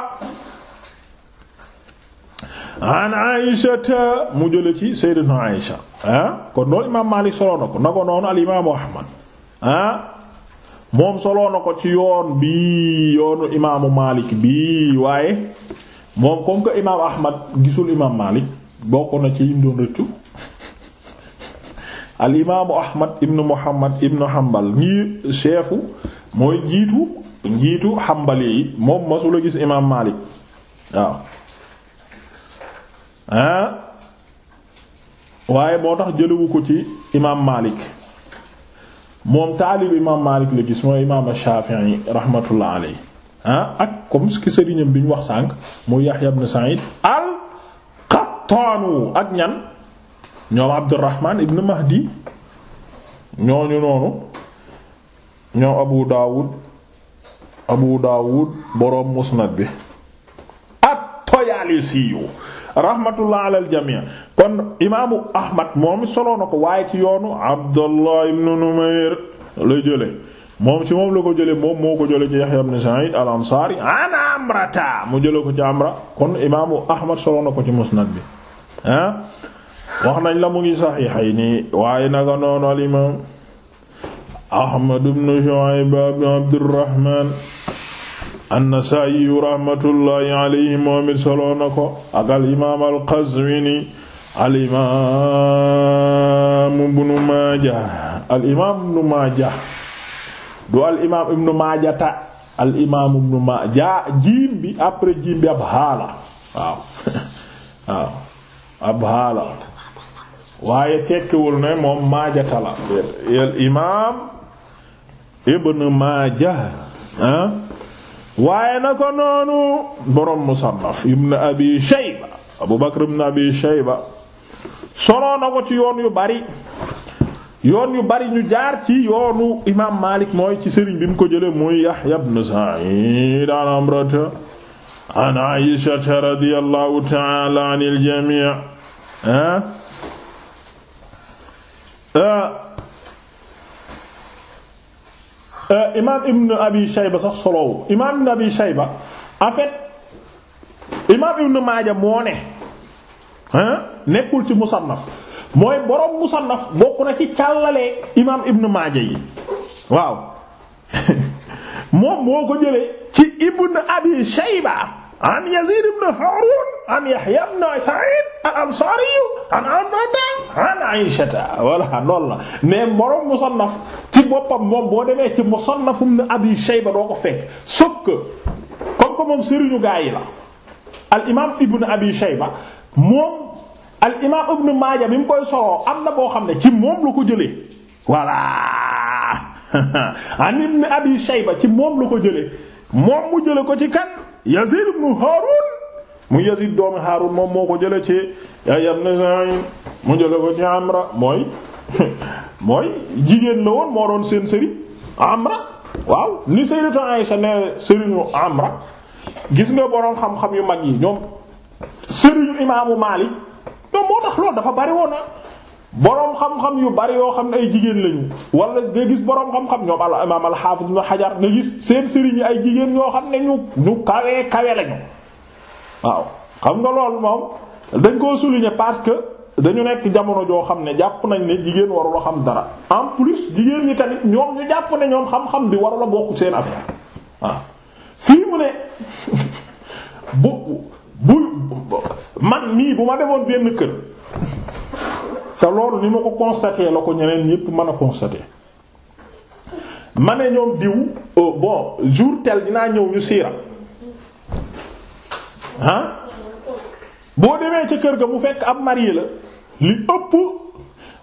an aïshata mu jële ci sayyidina aïsha ah kon loolu imaam Maalik soloo ko na ko noonu al imaamu Ahmad ah, moom soloo ko ci yoon bii yoonu imaamu Maalik bii waaye moom comme que imaam Ahmad gisul imaam Maalik bokk na ci yim doon rëccu al imaamu Ahmad ibnu Muhammad ibnu Hanbal nii chefu mooy njiitu njiitu Hanbali yi moom masula gis imaam Maalik waaw ah waaye moo tax jëlawu ko ci imaam Malik moom taalib imaam Malik la gis mooy imaam Shafi'i rahmatullah alayhi ah ak comme ce que sëriñam bi ñu wax sànq mu Yahya ibn Sa'id al-Qattanu ak ñan ñoom Abdurrahman ibn Mahdi ñooñu noonu ñoom Abu Dawud Abu Dawud boroom musnad bi at-Tayalisi rahmatullah ala al jamii kon imaamu ahmad moom solo ko waaye ci yoonu abdullah ibn numayr la jële moom ci moom la ko jële moom moo ko jële ci yahya ibn sa'id al ansari an amrata mu jële ko ci amra kon imaamu ahmad solo na ko ci musnad bi wax nañ la mu ngi saxiixayni waaye naka noonu al imaam ahmad ibn shu'ayb ibn abdurrahman an-Nasaa'i rahmatullahi al imaam al-Qazwini al imaam Ibnu Maaja al imaam Ibnu Maaja du après jiim ab haala waaw ab haala waaye tekkiwul ne moom Maaja ta la al imaam Ibnu Maaja ah. waaye na ko noonu borom musannaf ibn abi shayba abu bakr ibn na ko ci yoon yu bari yoon yu bari ñu jaar ci yoonu imaam malik mooy ci sëriñ bin ko jële muy yahya ibn sa'id an amrata an aisha radiyallahu ta'ala anil jami' ah, ah? Euh, imaam Ibn Abi Shayba sax solowu imaam Ibn Abi Shayba en imaam Ibn Maaja moo ne ah nekkul ci musannaf mooy borom musannaf bokk na ci càllale imaam Ibn Maaja yi waaw moom moo ko jëlee ci Ibn Abi Shayba. an Yazid ibn Harun an Yahya ibn Sa'id al-Ansari an Abada an Aysata voilà la mais borom musannaf ci boppam moom boo demee ci musannaf ibn Abi Shayba doo ko fekk sauf que comme que moom sëriñu gaa yi la al imaam ibn Abi Shayba moom al imaam ibn Maaja bi koy soloo am na boo xam ne ci moom la ko jëlee voilà an ibn Abi Shayba ci moom la ko jële moom mu jëlee ko ci kan. Yazid ibn Harun mu Yazid doomi Harun moom moo ko jële ci Yahya ibn Sa'id mu jële ko ci Amra mooy mooy jigéen la woon moo doon seen sëriñ Amra waaw ni Sayyidatu Aisha ne sëriñu Amra gis nga boroom xam-xam yu mag yi ñoom sëriñu imaamu Maalik ñoom moo tax loolu dafa bari woon ah. boroom xam-xam yu bari yoo xam ne ay jigéen lañu wala nga gis boroom xam-xam ñoom al imaam al xaafis ibn xajar nga gis seen sëriñ yi ay jigéen ñoo xam ne ñu ñu kawee kawe lañu waaw xam nga loolu moom dañ koo souligner parce que dañu nekk jamono joo xam ne jàpp nañ ne jigéen warula xam dara en plus jigéen ñi tamit ñoom ñu jàpp ne ñoom xam-xam bi warula bokk seen affaire waaw fii mu ne bu bu man mii bu ma demoon benn kër. te loolu ni ma ko constaté la ko ñeneen ñépp mën a constaté ma ne ñoom diw euh, bon jour tel dinaa ñëw ñu siira ah boo demee ca kër ga mu fekk ab marié la li ëpp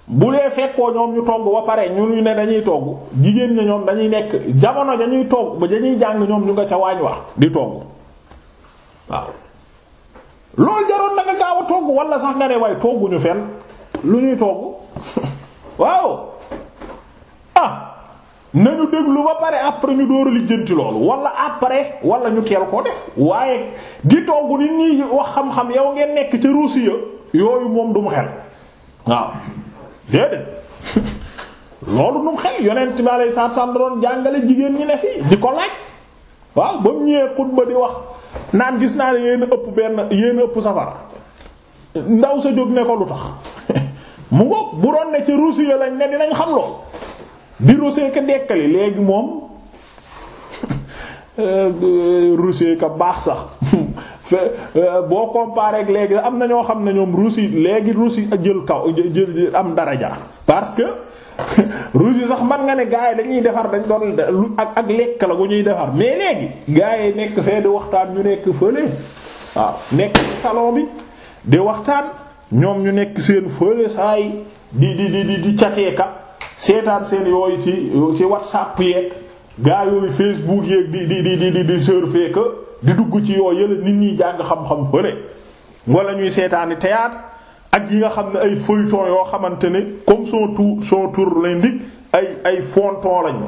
bu dee fekkoo ñoom ñu togg ba pare ñu ne dañuy togg jigéen ña ñoom dañuy nekk jamono dañuy togg ba dañuy jàng ñoom ñu nga ca waañ wax di togg waaw loolu jaroon na nga gaaw a togg wala sax nga ne waaye togguñu fenn. lu ñuy togg waaw ah nañu déglu ba pare après ñu dóor a lijjanti loolu wala après wala ñu keel koo def waaye di togg nit ñi wax xam-xam yow ngeen nekk ca Russie yooyu moom du mu xel waaw déedéet loolu du mu xel yonent bi alayhi salaatu salaam doon jàngale jigéen ñi ne fii di ko laaj waaw ba mu ñëwee xutba di wax naan gis naa ne yéen ëpp benn yéen ëpp safara ndaw sa jóg ne ko lu tax mu ngoog bu doon ne ci Russie ya lañ ne dinañ xam loo di Russie ka dekkali léegi moom euh, Russie ka baax sax euh, boo comparé ak léegi am na ñoo xam ne ñoom Russie léegi Russie ak jël kaw jël am daraja parce que Russie sax man nga ne gars yi dañuy defar dañ doon lu ak ak lekk la bu ñuy defar mais léegi gars yi nekk fee di waxtaan ñu nekk fële waaw nekk salon bi di waxtaan. ñoom ñu nekk seen fële saay di di di di di cateeka seetaan seen yooyu ci ci whatsapp yeeg gaa yooyu facebook yeeg di di di di di surfer di dugg ci yoo yële nit ñi jàng xam-xam fële wala ñuy seetaani théâtre ak yi nga xam ne ay feuilleton yoo xamante ne comme son tour son tour ay ay fonton lañu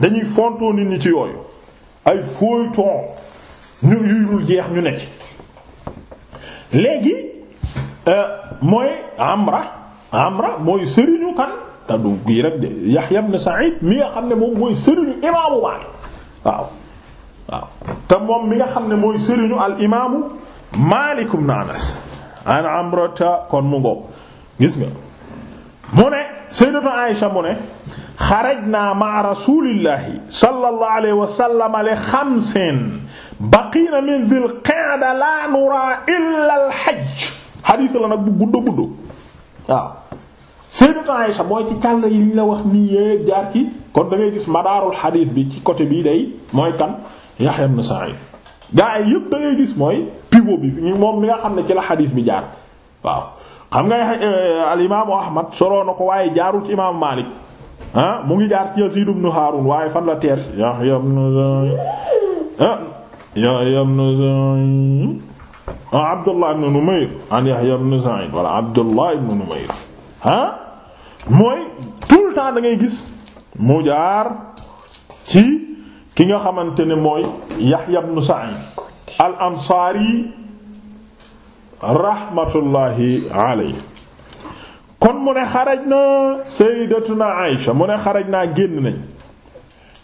dañuy fonton nit ñi ci yooyu ay feuilleton ñu yuyul jeex ñu nekk léegi Euh, mooy amra amra mooy sëriñu kan te du kii rek de Yahya ibn Sa'id mi nga xam ne moom mooy sëriñu imaamu Maalik waaw waaw te moom mi nga xam ne mooy sëriñu al imaamu Maalik ibn Anas an amrata kon mu ngoog gis nga mu ne sayyidatu Aisha mu ne xarajna ma'a rasulillahi sallallahu alayhi wa sallam li xamsin baqiina min dhil qa'da la nura illa al hajj xadiis la nag bu guddo guddo waaw Sayyidatu Aisha mooy ci càll yi la wax nii yépp jaar ci kon da gis madaarul xadiis bi ci côté bii day mooy kan Yahya ibn Sa'id gaa yi yépp da gis mooy pivot bi moom mi nga xam ne ci la xadiis bi jaar waaw xam nga eh, al imaamu Ahmad soroo ko waaye jaarul ci imaamu Maalik ah, mu ngi jaar ci Yaziid ibn Haarun waaye fan la teer Yahya ibn Sa'id ah, Ah, Abdullah ibn Numayr an Yahya ibn Sa'id wala Abdullah ibn Numayr ah mooy tout le temps da ngay gis mu jaar ci ki nga xamante ne mooy Yahya ibn Sa'id al Ansari rahmatullahi alayhi kon mu ne xaraj na sayyidatuna Aïsha mu ne xaraj naa génn nañ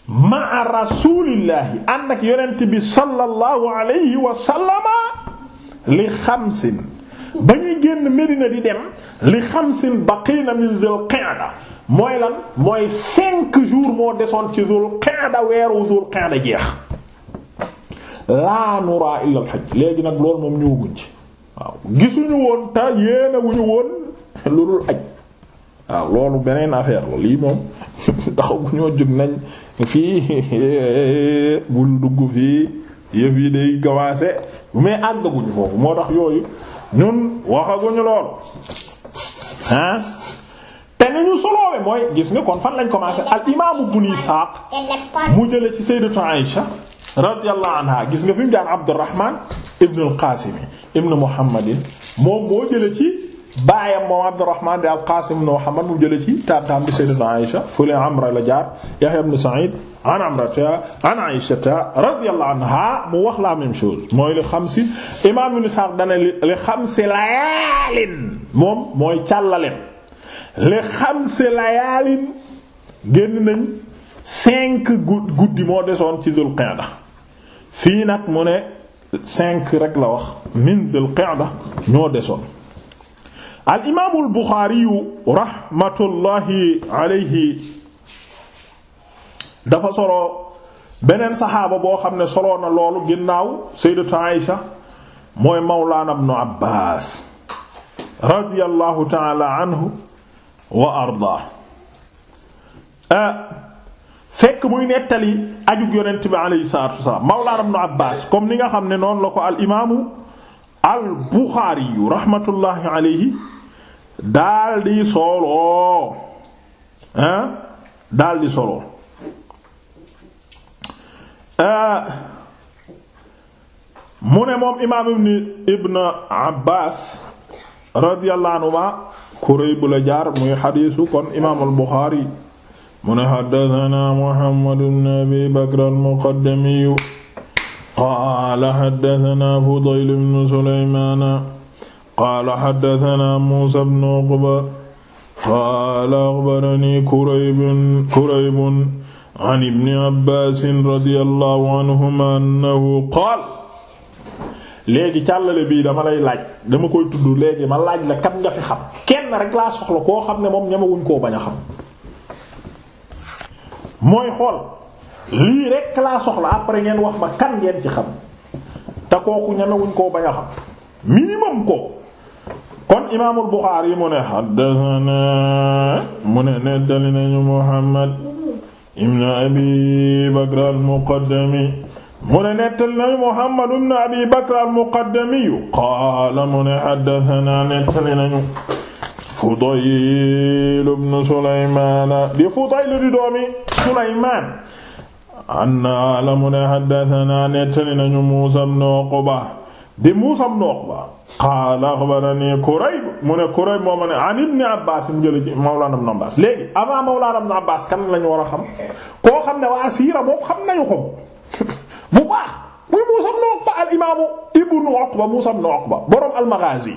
ma'a rasulillahi ànd ak yonent bi sallallahu alayhi wa sallama li xamsin ba ñuy génn Medina di dem li xamsin baqiina min zul qa'da mooy lan mooy cinq jours moo desoon ci zul qa'da weeru zul qa'da jeex laa léegi nag loolu moom ñëwaguñ ci waaw gisuñu woon te yéene wuñu woon beneen affaire lii moom taxaw bu ñoo jóg nañ fii bul dugg fii yëf yi day gawaase mais àggaguñu foofu moo tax yooyu ñun waxaguñu lool ah te ni ñu mooy gis nga kon fan lañ commencé al imaamu Ibnu Isaaq mu jële ci sayyidatu Aïsha radiyallahu anha gis nga fi mu jaan Abdurrahman ibn al-Qasim ibn Muhammadin moom moo jële ci baayam moom Abdurrahman di al-Qasim ibn Muhammad mu jële ci taataam bi sayyidatu Aïsha fule Amra la jaar Yahya ibn Sa'id an amrata an aishata radiyallahu anha mu wax la même chose mooy li xamsi imam ibn Sa'd dana li xamsi layaalin moom mooy càllalen li xamsi layaalin génn nañ cinq guddi moo desoon ci dul qa'da fii nag mu ne cinq rek la wax min dul qa'da ñoo desoon al imaamul Buxaari rahmatullahi alayhi dafa solo beneen saxaaba boo xam ne soloo na loolu ginnaaw sayyidatu Aïsha mooy mawlaana ibnu Abbaas radiyallahu taala anhu wa ardaa ah, fekk muy nettali ajug yonent bi alayhi salaatu wasalaam mawlaana ibnu Abbaas comme ni nga xam ne noonu la ko al imaamu al Buxaari yu rahmatullahi alayhi daldi soloo hein ah, daldi soloo Ah. mu ne moom imaam ibn ibn Abbaas radiyallahu anhuma Kurayb la jaar muy xadiisu kon imaam al-Buxaari mu ne haddasanaa Muhammad ibn Abi Bakr al-Muqaddami qaala haddasanaa Fudayl ibn Sulaymaan qaala haddasanaa Muusaa ibn Uqba qaala axbaranii Kurayb Kurayb an ibni abbasin radiyallahu anhuma annahu qaal léegi càllale bii dama lay laaj dama koy tudd léegi ma laaj la kat nga fi xam kenn rek laa soxla koo xam ne moom ñamawuñ koo bañ a xam mooy xool lii rek laa soxla après ngeen wax ma kan ngeen ci xam te kooku ñamewuñ koo bañ a xam minimum ko kon imaamul Buxaari mu ne haddathana mu ne nettali nañu Muhammad ibn abi bakr al-muqaddami mu ne nettal nañu muhammad ibn abi bakr al-muqaddami qaala mu ne haddathana nettali nañu fudayl ibn sulaymaan di fudayl di doomi sulaymaan anna mu ne haddathana nettali nañu muusa ibn uqba di Muusaa ibn Uqba qaala axbaranii Kurayb mu ne Kurayb moo ma ne an ibn Abbaas mu jële ci Mawlaana ibn Abbaas léegi avant Mawlaana ibn Abbaas kan lañu war a xam koo xam ne waa siira boobu xam nañu ko bu baax muy Muusaa ibn Uqba al imaamu ibn Uqba Muusaa ibn Uqba boroom al-Maghaazi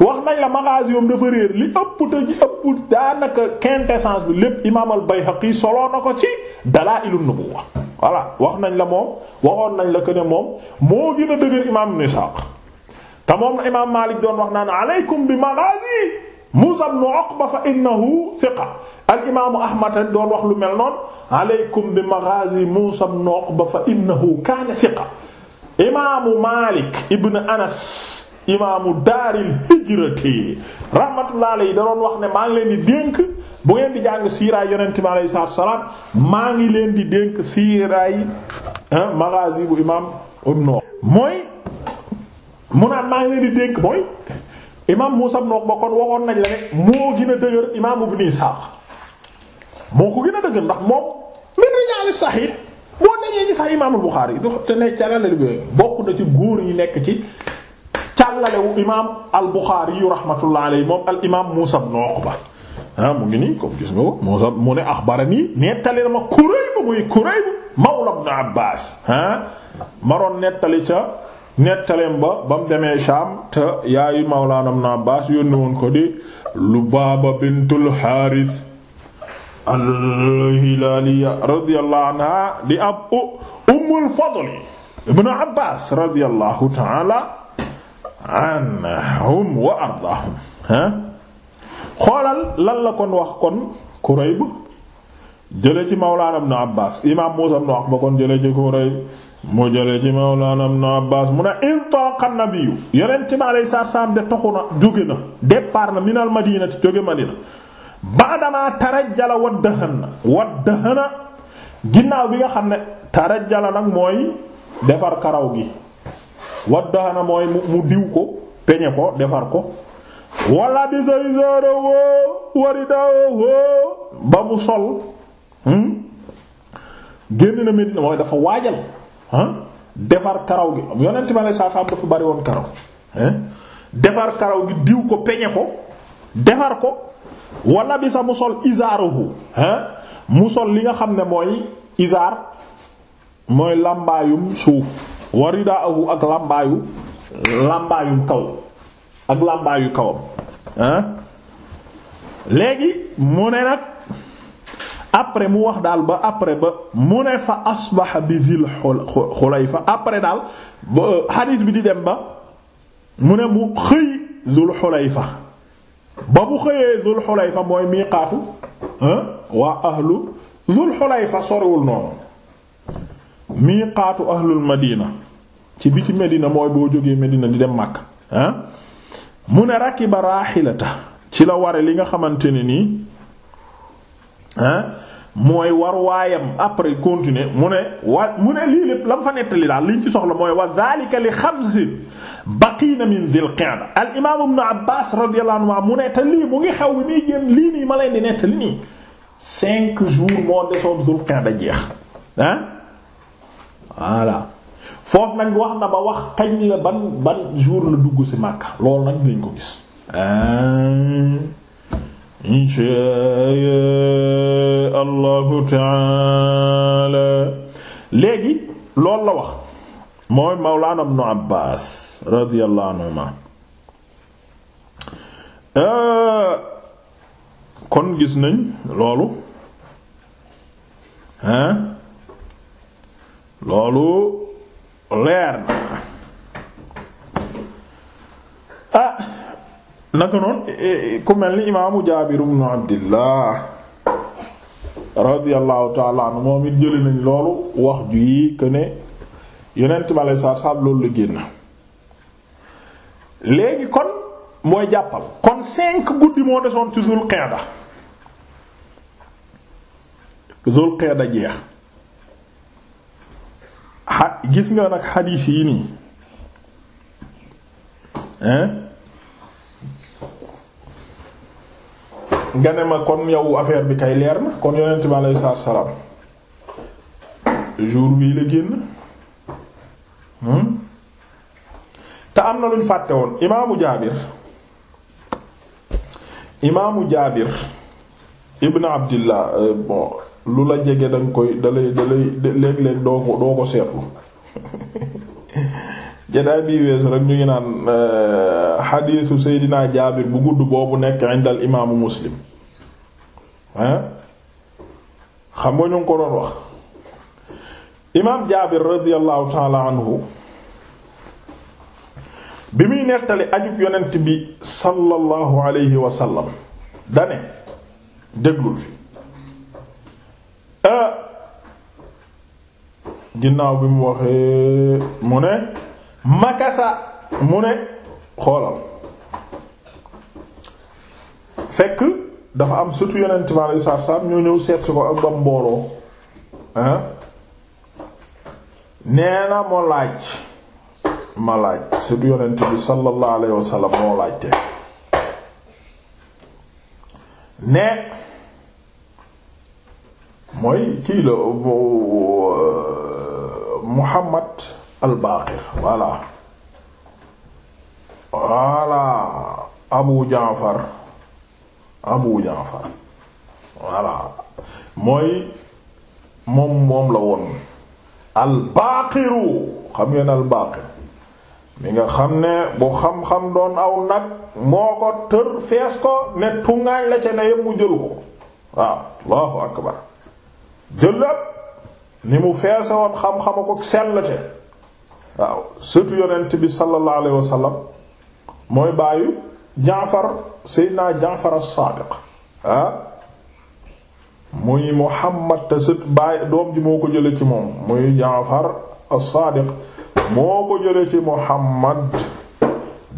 wax nañ la maghazi yom dafa réer li ëpp te ji ëpp daanaka quintessence bi lépp imaam al-Bayhaqi soloo na ko ci Dalaa'ilun Nubuwwa voilà wax nañ la moom oon nañ la que ne moom moo gën a dëgër imaam Ibn Ishaq te moom la imaam Maalik doon wax naan aleykum bi maghazi Muusaa ibn Uqba fa innahu thiqa al imaamu Ahmad doon wax lu mel noonu aleykum bi maghazi Muusaa ibn Uqba fa innahu kaana thiqa imaamu Maalik ibn Anas imaamu daaril hijrati rahmatullahi alayhi da doon wax ne maa ngi leen di dénk bu ngeen di jàng siiraay yonent bi alayhi salaatu salaam maa ngi leen di dénk siiraay maghazi bu imaam ibnu mooy mu naan maa ngi leen di dénk mooy imaam Muusaa ibnu Uqba kon waxoon nañ la rek moo gën a dëgër imaam ibnu Isaaq moo ko gën a dëgër ndax moom min rijaali saxiix boo nekkee ci sax imaamul Buxaari te ne ca la bokk na ci góor yi nekk ci càllalewu imaam al Buxaari yu rahmatullah alayhi moom al imaam Muusa ibn Uqba ah mu ngi nii comme gis nga ko Muusa mu ne axbarani nettali na ma Kurayb muy Kurayb mawla ibn Abbaas ah ma doon nettali ca nettaleem ba ba mu demee Sham te yaayu mawlaana ibn Abbaas yónni woon ko di Lubaaba bintul Haaris al-Hilaaliya radiyallahu anha di ab Ummul Fadl ibn Abbaas radiyallahu ta'ala anhum wa ardaahum xoolal lan la kon wax kon Kurayb jële ci mawlaana ibn Abbaas imaam Muusaa ibn Uqba kon jële ci Kurayb mu jële ci mawlaana ibn Abbaas mu ne intalaqa nabiyyu yonent bi alayhi salaam de toxu na jóge na départ na minal madinati jóge Madina ba'damaa tarajjala waddahana waddahana ginnaaw bi nga xam ne tarajjala nag mooy defar karaw gi waddaxana mooy mu diw ko peñe ko defar ko walla bi sa isaara woo warida woo ba mu sol hmm? génn na Medina mooy dafa waajal defar karaw gi yonent ma lay saa saa dafa bari woon karaw defar karaw gi diw ko peñe ko defar ko walla bi sa mu sol isaarahu mu sol li nga xam ne mooy isaar mooy làmbaayum suuf waridaahu ak làmbaayu làmbaayu kaw ak làmbaayu kawam ah léegi mu ne nag après mu wax daal ba après ba mu ne fa asbaha bi zil xulayfa après daal ba xadiis euh, bi di dem ba mu ne mu xëy zul xulayfa ba mu xëyee zul fa mooy miiqaatu waa ahlu zul fa sorewul noonu miiqaatu ahlul madina ci biti medina mooy boo jógee medina di dem màkk ah? mu ne rakiba raaxilata ci la ware li nga xamante ne nii ah? mooy war waayam après continuer mu ne wa mu ne lii la mu fa nettali daal liñ ci soxla mooy wa dhalika li xamsin baqiina min dhil qa'da al imam ibn abbas radiyallahu anhu mu ne te lii mu ngi xew nii génn lii ma leen di nettali nii cinq jours moo desoon dhul qa'da jeex ah? voilà foofu nag wax na ba wax kañ la ban jour la dugg ci Makka loolu nag dinañ ko gis insha allahu léegi loolu la wax mooy mawlaana ibnu Abbaas radiyallahu anhuma kon gis nañ loolu hein loolu leer na ah naka noonu eh, eh, ku mel ni imaamu jaabir ibnu abdillah radiyallahu taala moom it jëli loolu wax ju yi que ne yonent mi aleyhi salaatu salaam loolu la génn léegi kon mooy jàppal kon cinq guddi moo desoon ci Dul Qa'da Dul Qa'da jeex gis nga nag xadiis yi nii nga ne ma kon yow affaire bi kay leer na kon yonent bi alayhi salaam jour bii la génn hmm? te am na luñ fàtte woon imaamu jaabir imaamu jaabir ibn abdillah euh, lu la jege danga koy dalay dalay léeg-léeg doo ko doo ko seetlu jataay bii weesu rek ñu ngi naan eh, xadiisu Seydina Jaabir bu gudd boobu nekk indal imaamu Muslim eh? nga ñu ngi wax imaam Jaabir radiyallahu taala anhu bi muy nettali ajug yonent bi sallallahu alayhi wa dane déglul Euh, ginnaaw bi mu waxee mu ne makasa mu ne xoolal fekk dafa am surtout yonent mi alayhi salaatu salaam ñoo ñëw ak ba mbooloo ah nee na moo laaj ma laaj surtout yonent bi sallallahu alayhi wa sallam moo ne mooy kii la euh, Muhammad al-Baqir voilà voilà Abu Jaafar Abu Jaafar moom moom la woon al-Baqiru xam ngeen al-Baqir mi nga xam ne bu xam-xam doon aw nag moo ko tër fees ko ne tungaañ la ca ne yépp mu jël ko waaw Allahu akbar jël ni mu feese woon xam-xama ko sellte waaw surtout yonent bi sallallahu alayhi wa sallam mooy baayu jaafar seydinaa jaafar as-saadiq ah muy muhammad te sët baay doom ji moo ko jële ci moom muy jaafar as-saadiq moo ko jële ci muhammad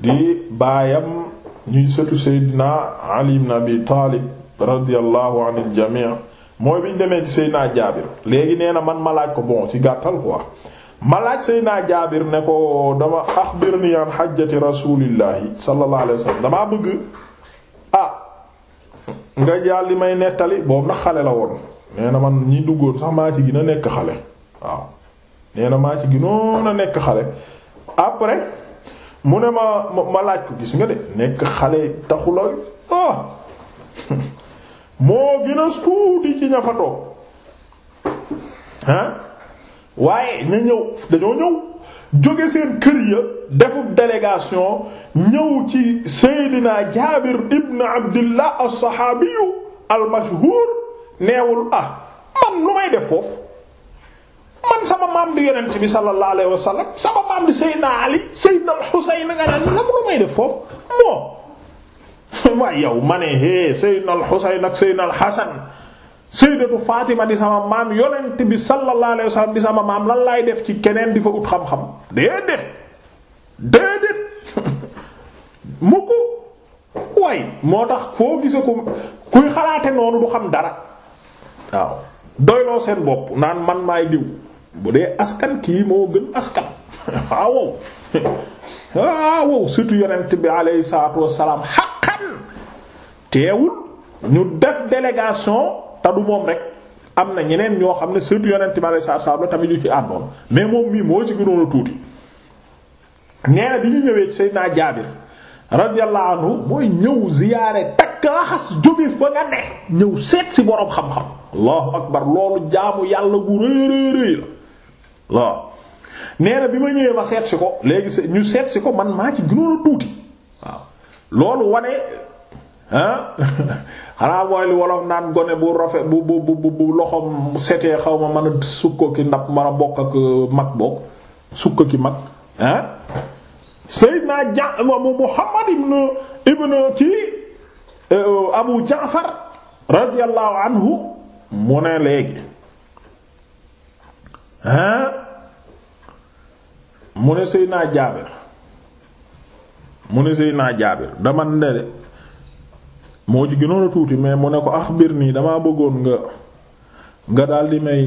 di baayam ñuy sëtu seydinaa ali ibn abi taalib radiyallahu anil jamii mooy bi ñu demee ci Seydina Jaabir léegi nee na man ma laaj ko bon ci gàttal quoi ma laaj Seydina Jaabir ne ko dama axbirni an xajjati rasuulillahi sallallahu alayhi damaa bëgg ah nga jàll li may nettali boobu ndax xale la woon nee na man ñi duggoon sax maa ci gën a nekk xale waaw nee na maa ci gënoon a nekk xale après mu ne ma ma laaj ko gis nga de nekk xale taxulay ah moo gën a tuuti ci ña fa waaye ña ñëw dañoo ñëw jóge seen kër ya defub délégation ñëw ci Seydina Jaabir ibn Abdillah as-saxaabiyu al-mashhuur neewul ah man lu may def foofu man sama maam di yonent bi sallallahu alayhi wa sama maam di Seydina Ali Seydina al-Husayn nga naan lu may def foofu moo waaye yow ma ne hé Seydina al Xuseyn ak Seydina al Xasan Sayyidatu di sama maam yonent bi sallallahu alayhi wasallam di sama maam lan laay def ci keneen di fa ut xam-xam déedéet déedéet mu ko way moo tax foo gise ko kuy xalaate noonu du xam dara waaw doyloo seen bopp naan man maay diw bu dee askan kii moo gën askan waawow waawow surtout yonent bi alayhi salaatu wassalaam teewul ñu def délégation te moom rek am na ñeneen ñoo xam ne surtout yonent ma lay saab la tamit yu ci àndoon mais moom mii moo ci gënoon tuuti nee bi ñu ñëwee Seydina Jaabir radiyallahu anhu mooy ñëw ziyaare takk raxas jóge fa nga ne ñëw seet si boroom xam-xam allahu akbar loolu jaamu yàlla gu rëy rëy rëy la waaw nee bi ma ñëwee ma seet si ko léegi ñu seet si ko man maa ci gënoon tuuti waaw loolu wane ah xanaa mooy lu wolof naan gone bu rafet bu bu bu bu loxom setee xaw ma mën a sukko ki ndab mën a bokk ak euh, mag bokk sukko ki mag ah Seydina ja Muhammad ci euh, Abu Jaafar radiyallahu anhu mu ne léegi naa mu Jaabir mu ne Seydina dama moo ci gënoon tuuti mais mu ne ko axbir nii damaa bëggoon nga nga daal di may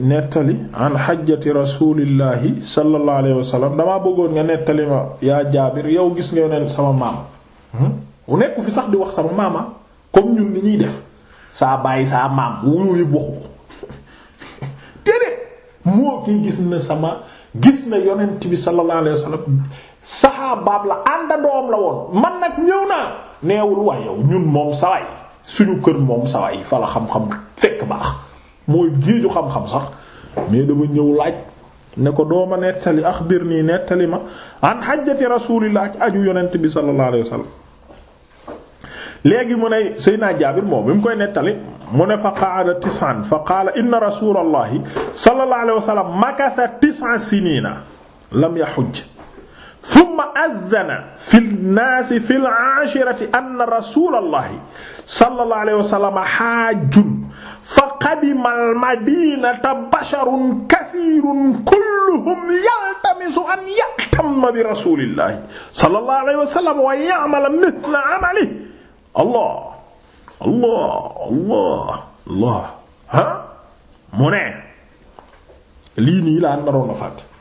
nettali an xajjati rasulillahi sallallahu alayhi damaa bëggoon nga nettali ma yaa jaabir yow gis nga yoneen sama maam wu hmm? nekku fi sax di wax sama maama comme ñun ni ñuy def saa bàyyi saa maam wuyu yëpp waxu ko déedéet moo kii gis na sama gis na yonent bi sallallahu alayhi wasallam saxaabaab la àndandoom la woon man nag ñëw naa neewul waay yow ñun moom saway suñu kër moom saway fa la xam-xam fekk baax mooy géeju xam-xam sax mais dama ñëw laaj ne ko dooma nettali axbir nii nettali ma an xajjati rasulillah aju yonent bi sallallahu alayhi léegi mu ne Seydina Jaabir moom bi mu koy nettali mu ne fa qaala tis'an fa qaala inna rasulallahi sallallahu alayhi wasallam makatha tis'a sinina lam yahujj summa addana fi nnaasi fi lashirati anna rasula allahi sallallahu alayhi wa sallam xaajun fa qadima almadinata basharun kathirun kulluhum yaltamisu an ya'tamma bi rasulillahi sallallahu alayhi wa sallam wa ya'mala mithla amalihi allah allah allah allah ha mu ne lii nii laa naroon a fàtt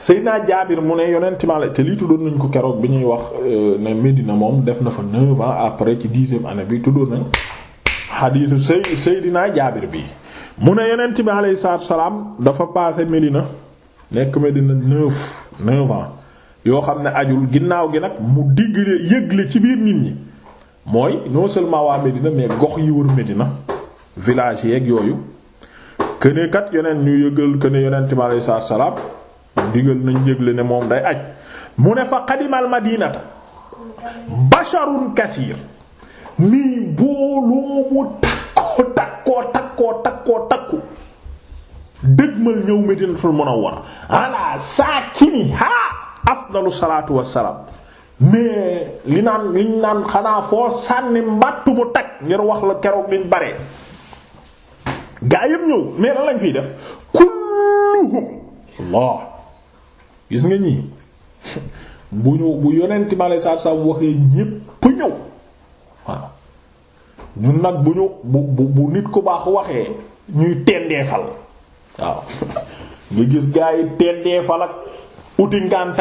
Seydina Jaabir mu ne yonent ma la te lii tuddoon nañ ko keroog bi ñuy wax euh, ne Medina moom def na fa neuf ans après ci dixième année bi tuddoon nañ xadiisu Sey dinaa Jaabir bi mu ne yeneen bi alayhi salaam dafa passé Medina nekk Medina neuf neuf ans yoo xam ne ajul ginnaaw gi nag mu digle yëgle ci biir nit ñi mooy non seulement waa Medina mais gox yi wër Medina village yeeg yooyu que yeneen kat yonent ñu yëgal que ne yonent bi alayhi salaatu salaam digal nañ jégle ne moom day aj mu ne fa qadimal madinata basharun kathir mii booloo mu takkoo takkoo takkoo takkoo takku dëgmal ñëw medinatul munawwara ala saakini haa afdalu salaatu wassalaam mais li naan liñ naan xanaa foo sànni mbàttu mu takk ngir wax la keroog liñ bare gaa yëpp ñëw mais lan lañ fiy def kulluhum allah gis nga ñii bu ñu bu yonenti ma lay saab saab waxee ñépp ñëw waaw ñun nag bu ñu bu bu nit ku baax waxee ñuy tendeefal waaw nga gis gaa yi tendeefal ak uti ngànt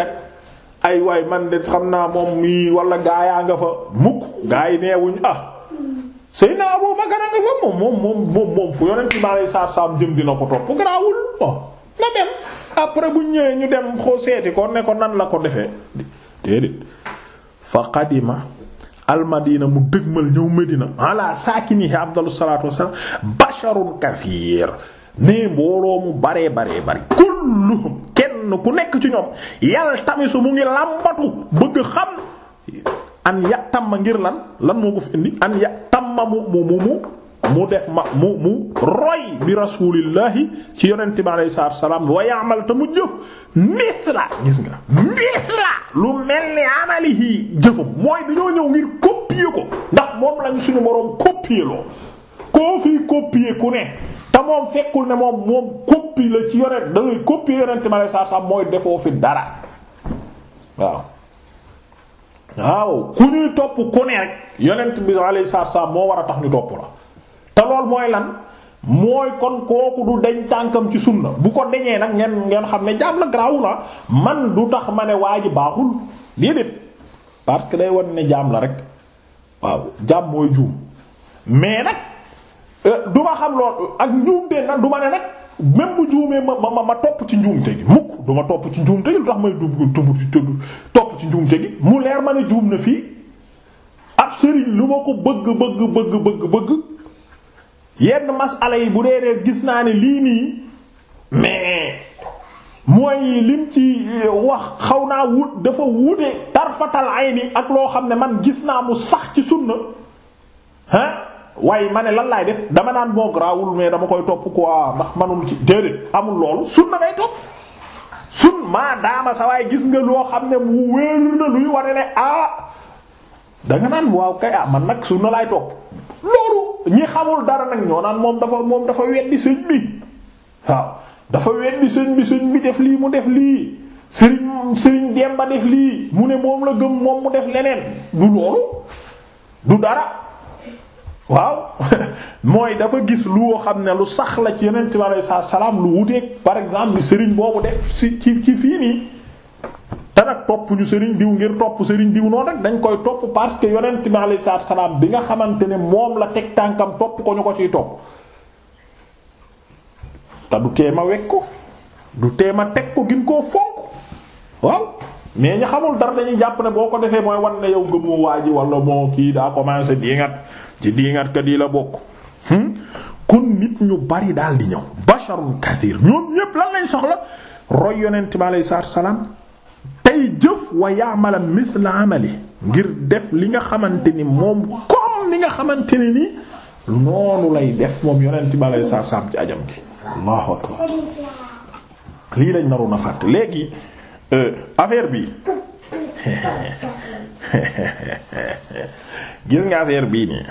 ay waay man de xam naa moom mii walla gaa yaa nga fa mukk gaa yi neewuñ ah Seydina Abu Bakar a nga moom moom moom moom fu yonenti ma lay saab saab jëm dina ko topp garaawul oh. la dem après bu ñëwee ñu dem xoo seeti ko ne ko nan la ko defee déedéet fa qadima almadina mu dëgmal ñëw Medina ala saakinihi afdalu salaatu wassalaam basharun kathiir ne mbooloo mu baree baree bari kulluhum kenn ku nekk ci ñoom yaltamisu mu ngi làmbatu bëgg xam an ya tamma ngir lan lan moo ko fi indi an ya tamma mu mu mu mu def ma mu mu roy bi rasuulillahi ci yonente bi alayhi salaatu wassalaam wa ya'mal te mu jëf misla gis nga misla lu mel ni amalihi jëfam mooy dañoo ñëw ngir copier ko ndax moom lañ suñu moroom copier fekkul ne moom la ci yonent da ngay copier bi alayhi salaatu wassalaam mooy defoo fi dara waaw waaw ku ñuy topp ku ne rek yonent bi alayhi salaatu moo war a tax ñu topp la te lool mooy lan mooy kon kooku du deñ tànkam ci sunna bu ko deñee nag ngeen ngeen xam ne jaam na garaawu la man du tax ma ne waa ji baaxul déedéet parce que day wan ne jaam la rek waaw jaam mooy juum mais nag euh, du ma xam lool ak njuumte nag du ma ne nag même bu juumee ma ma ma topp ci njuumte gi mukk du ma topp ci njuumte gi lu tax may dugg tubu topp ci njuumte gi mu leer ma ne juum na fii ab sëriñ lu ma ko bëgg bëgg bëgg bëgg bëgg yenn masala yi bu dee dee gis naa ne lii nii mais mooy lim ci euh, wax xaw naa wut dafa wute tarfatal ayni ak loo xam ne man gis naa mu sax ci sunna ah waaye ma ne lan laay def dama naan moo grawul mais dama koy topp quoi ndax manul ci déedéet amul loolu sunna ngay topp sun maa daama sa waaye gis nga loo xam ne mu wéer na luy wane ne ah danga naan waaw kay ah man nag sunna laay topp loolu ñi xamul dara nag ñoo naan moom dafa moom dafa weddi sëñ bi waaw dafa weddi sëñ bi sëñ bi def lii mu def lii sëriñ sëriñ Demba def lii mu ne moom la gëm moom mu def leneen du loolu du dara waaw mooy dafa gis lu xam ne lu sax la ci yeneen ci wàllu salaam lu wuteeg par exemple sëriñ boobu def si ci ci fii nii. te nag topp ñu sëriñ diw ngir topp sëriñ diw noonu nag dañ koy topp parce que yonent bi alayhi salaam bi nga xamante ne moom la teg tànkam topp ko ñu ko ciy topp te du teema wekk ko du teema teg ko gin koo fonk waaw mais ñi xamul dara dañuy jàpp ne boo ko defee mooy wan ne yow gëmoo waa ji wala moo kii daa commencé diingat ci diingat ka di la bokk hmm? kon nit ñu bari daal di ñëw basharul kathir ñoom ñépp lan lañ soxla roy yonent bi alayhi salaam tey jëf wa yaamala mithla amali ngir def li nga xamante ni moom comme li nga xamante ni noonu lay def moom yonent bi alay saab saab ci ajam gi lii lañ naroon a fàtte léegi euh, affaire bi gis nga affaire bii nii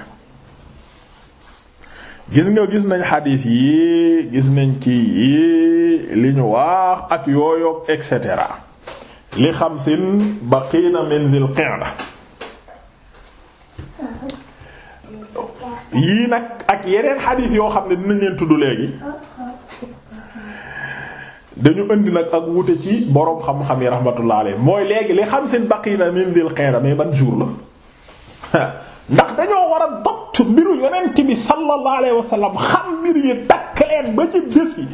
gis nga gis nañ xadiis yi gis nañ kii yi li ñu wax ak yooyoog et cetera li xamsin baqiina min dhil qa'da yii nag ak yeneen xadiis yoo xam ne dinañ leen tudd léegi dañu indi nag ak wute ci boroom xam-xam yi rahmatullah mooy léegi li xamsin baqiina min dhil qa'da mais ban jour la ndax dañoo war a dott mbiru yonent bi sallallahu alayhi wa xam mbir yi takk leen ba ci bés yi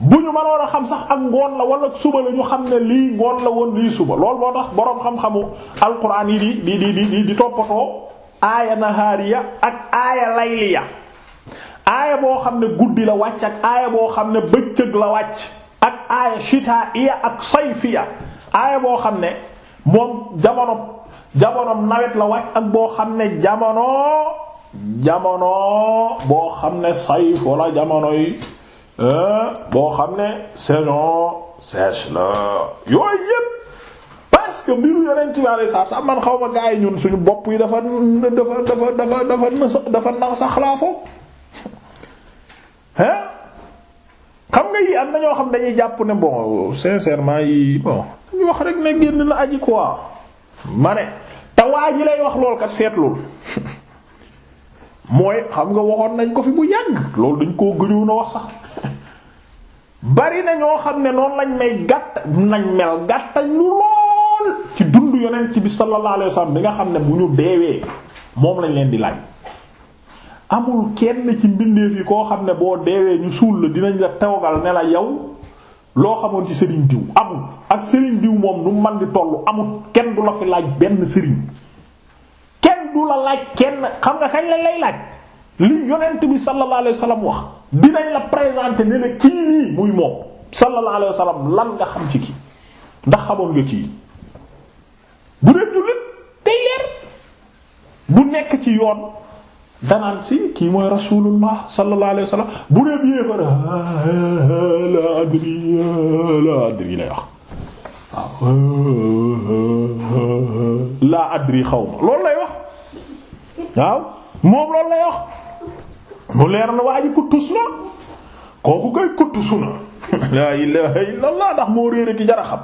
bu ñu mënoon a xam sax ak ngoon la wala suba la xam ne lii ngoon la woon lii suba loolu moo tax boroom xam-xamu alquran yi di di di di di toppatoo aaya nahaariya ak aaya layliya aaya boo xam ne guddi la wàcc ak aaya boo xam ne bëccëg la wàcc ak aaya shitaiya ak sayfiya aaya boo xam ne moom jamono jamono nawet la wàcc ak boo xam ne jamono jamono boo xam ne sayf wala jamono Euh, boo xam ne saison sèche la yooyu yépp parce que mbiru yonent bi alayhi salaatu salaam man xaw ma gaa yi ñun suñu bopp yi dafa dafa dafa dafa dafa dafa nax hein xam nga yi am na ñoo xam dañuy jàpp ne bon sincèrement yi bon ñu wax rek ne génn na aji quoi ma ne te waa ji lay wax lool ka seetlul mooy xam nga waxoon nañ ko fi bu yàgg loolu dañ koo gëjoon a wax sax. bari na ñoo xam ne noonu lañ may gàtt nañ mel gàttañ lu lool ci dund yeneen ci bi sallallahu alayhi wasallam bi nga xam ne bu ñu deewee moom lañ leen di laaj amul kenn ci mbindeef yi koo xam ne boo deewee ñu suul la dinañ la toogal ne la yow loo xamoon ci sëriñ diw amul ak sëriñ diw moom nu man di tollu amul kenn du la fi laaj benn sëriñ kenn du la laaj kenn xam nga kañ lañ lay laaj li yonent bi sallallahu alayhi wa sallam wax dinañ la présenter ne la kii nii muy moom sallallahu alayhi wa lan nga xam ci kii ndax xamoon nga kii bu dee jullit day leer bu nekk ci yoon danaan si kii mooy rasulullah sallallahu alayhi wa bu dee bi yéefar la adri adri lay wax waaw la adri xaw ma loolu lay wax waaw moom loolu lay wax mu leer na waa ji ku tus na kooku kay ku tusu na laa ilaha illallah ndax moo réere ki jara xam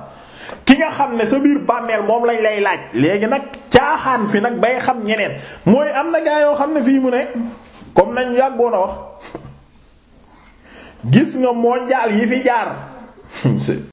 ki nga xam ne sa biir bàmmeel moom lañ lay laaj léegi nag caaxaan fi nag bay xam ñeneen mooy am na gaa yoo xam ne fii mu ne comme nañ yàggoon a wax gis nga mondial yi fi jaar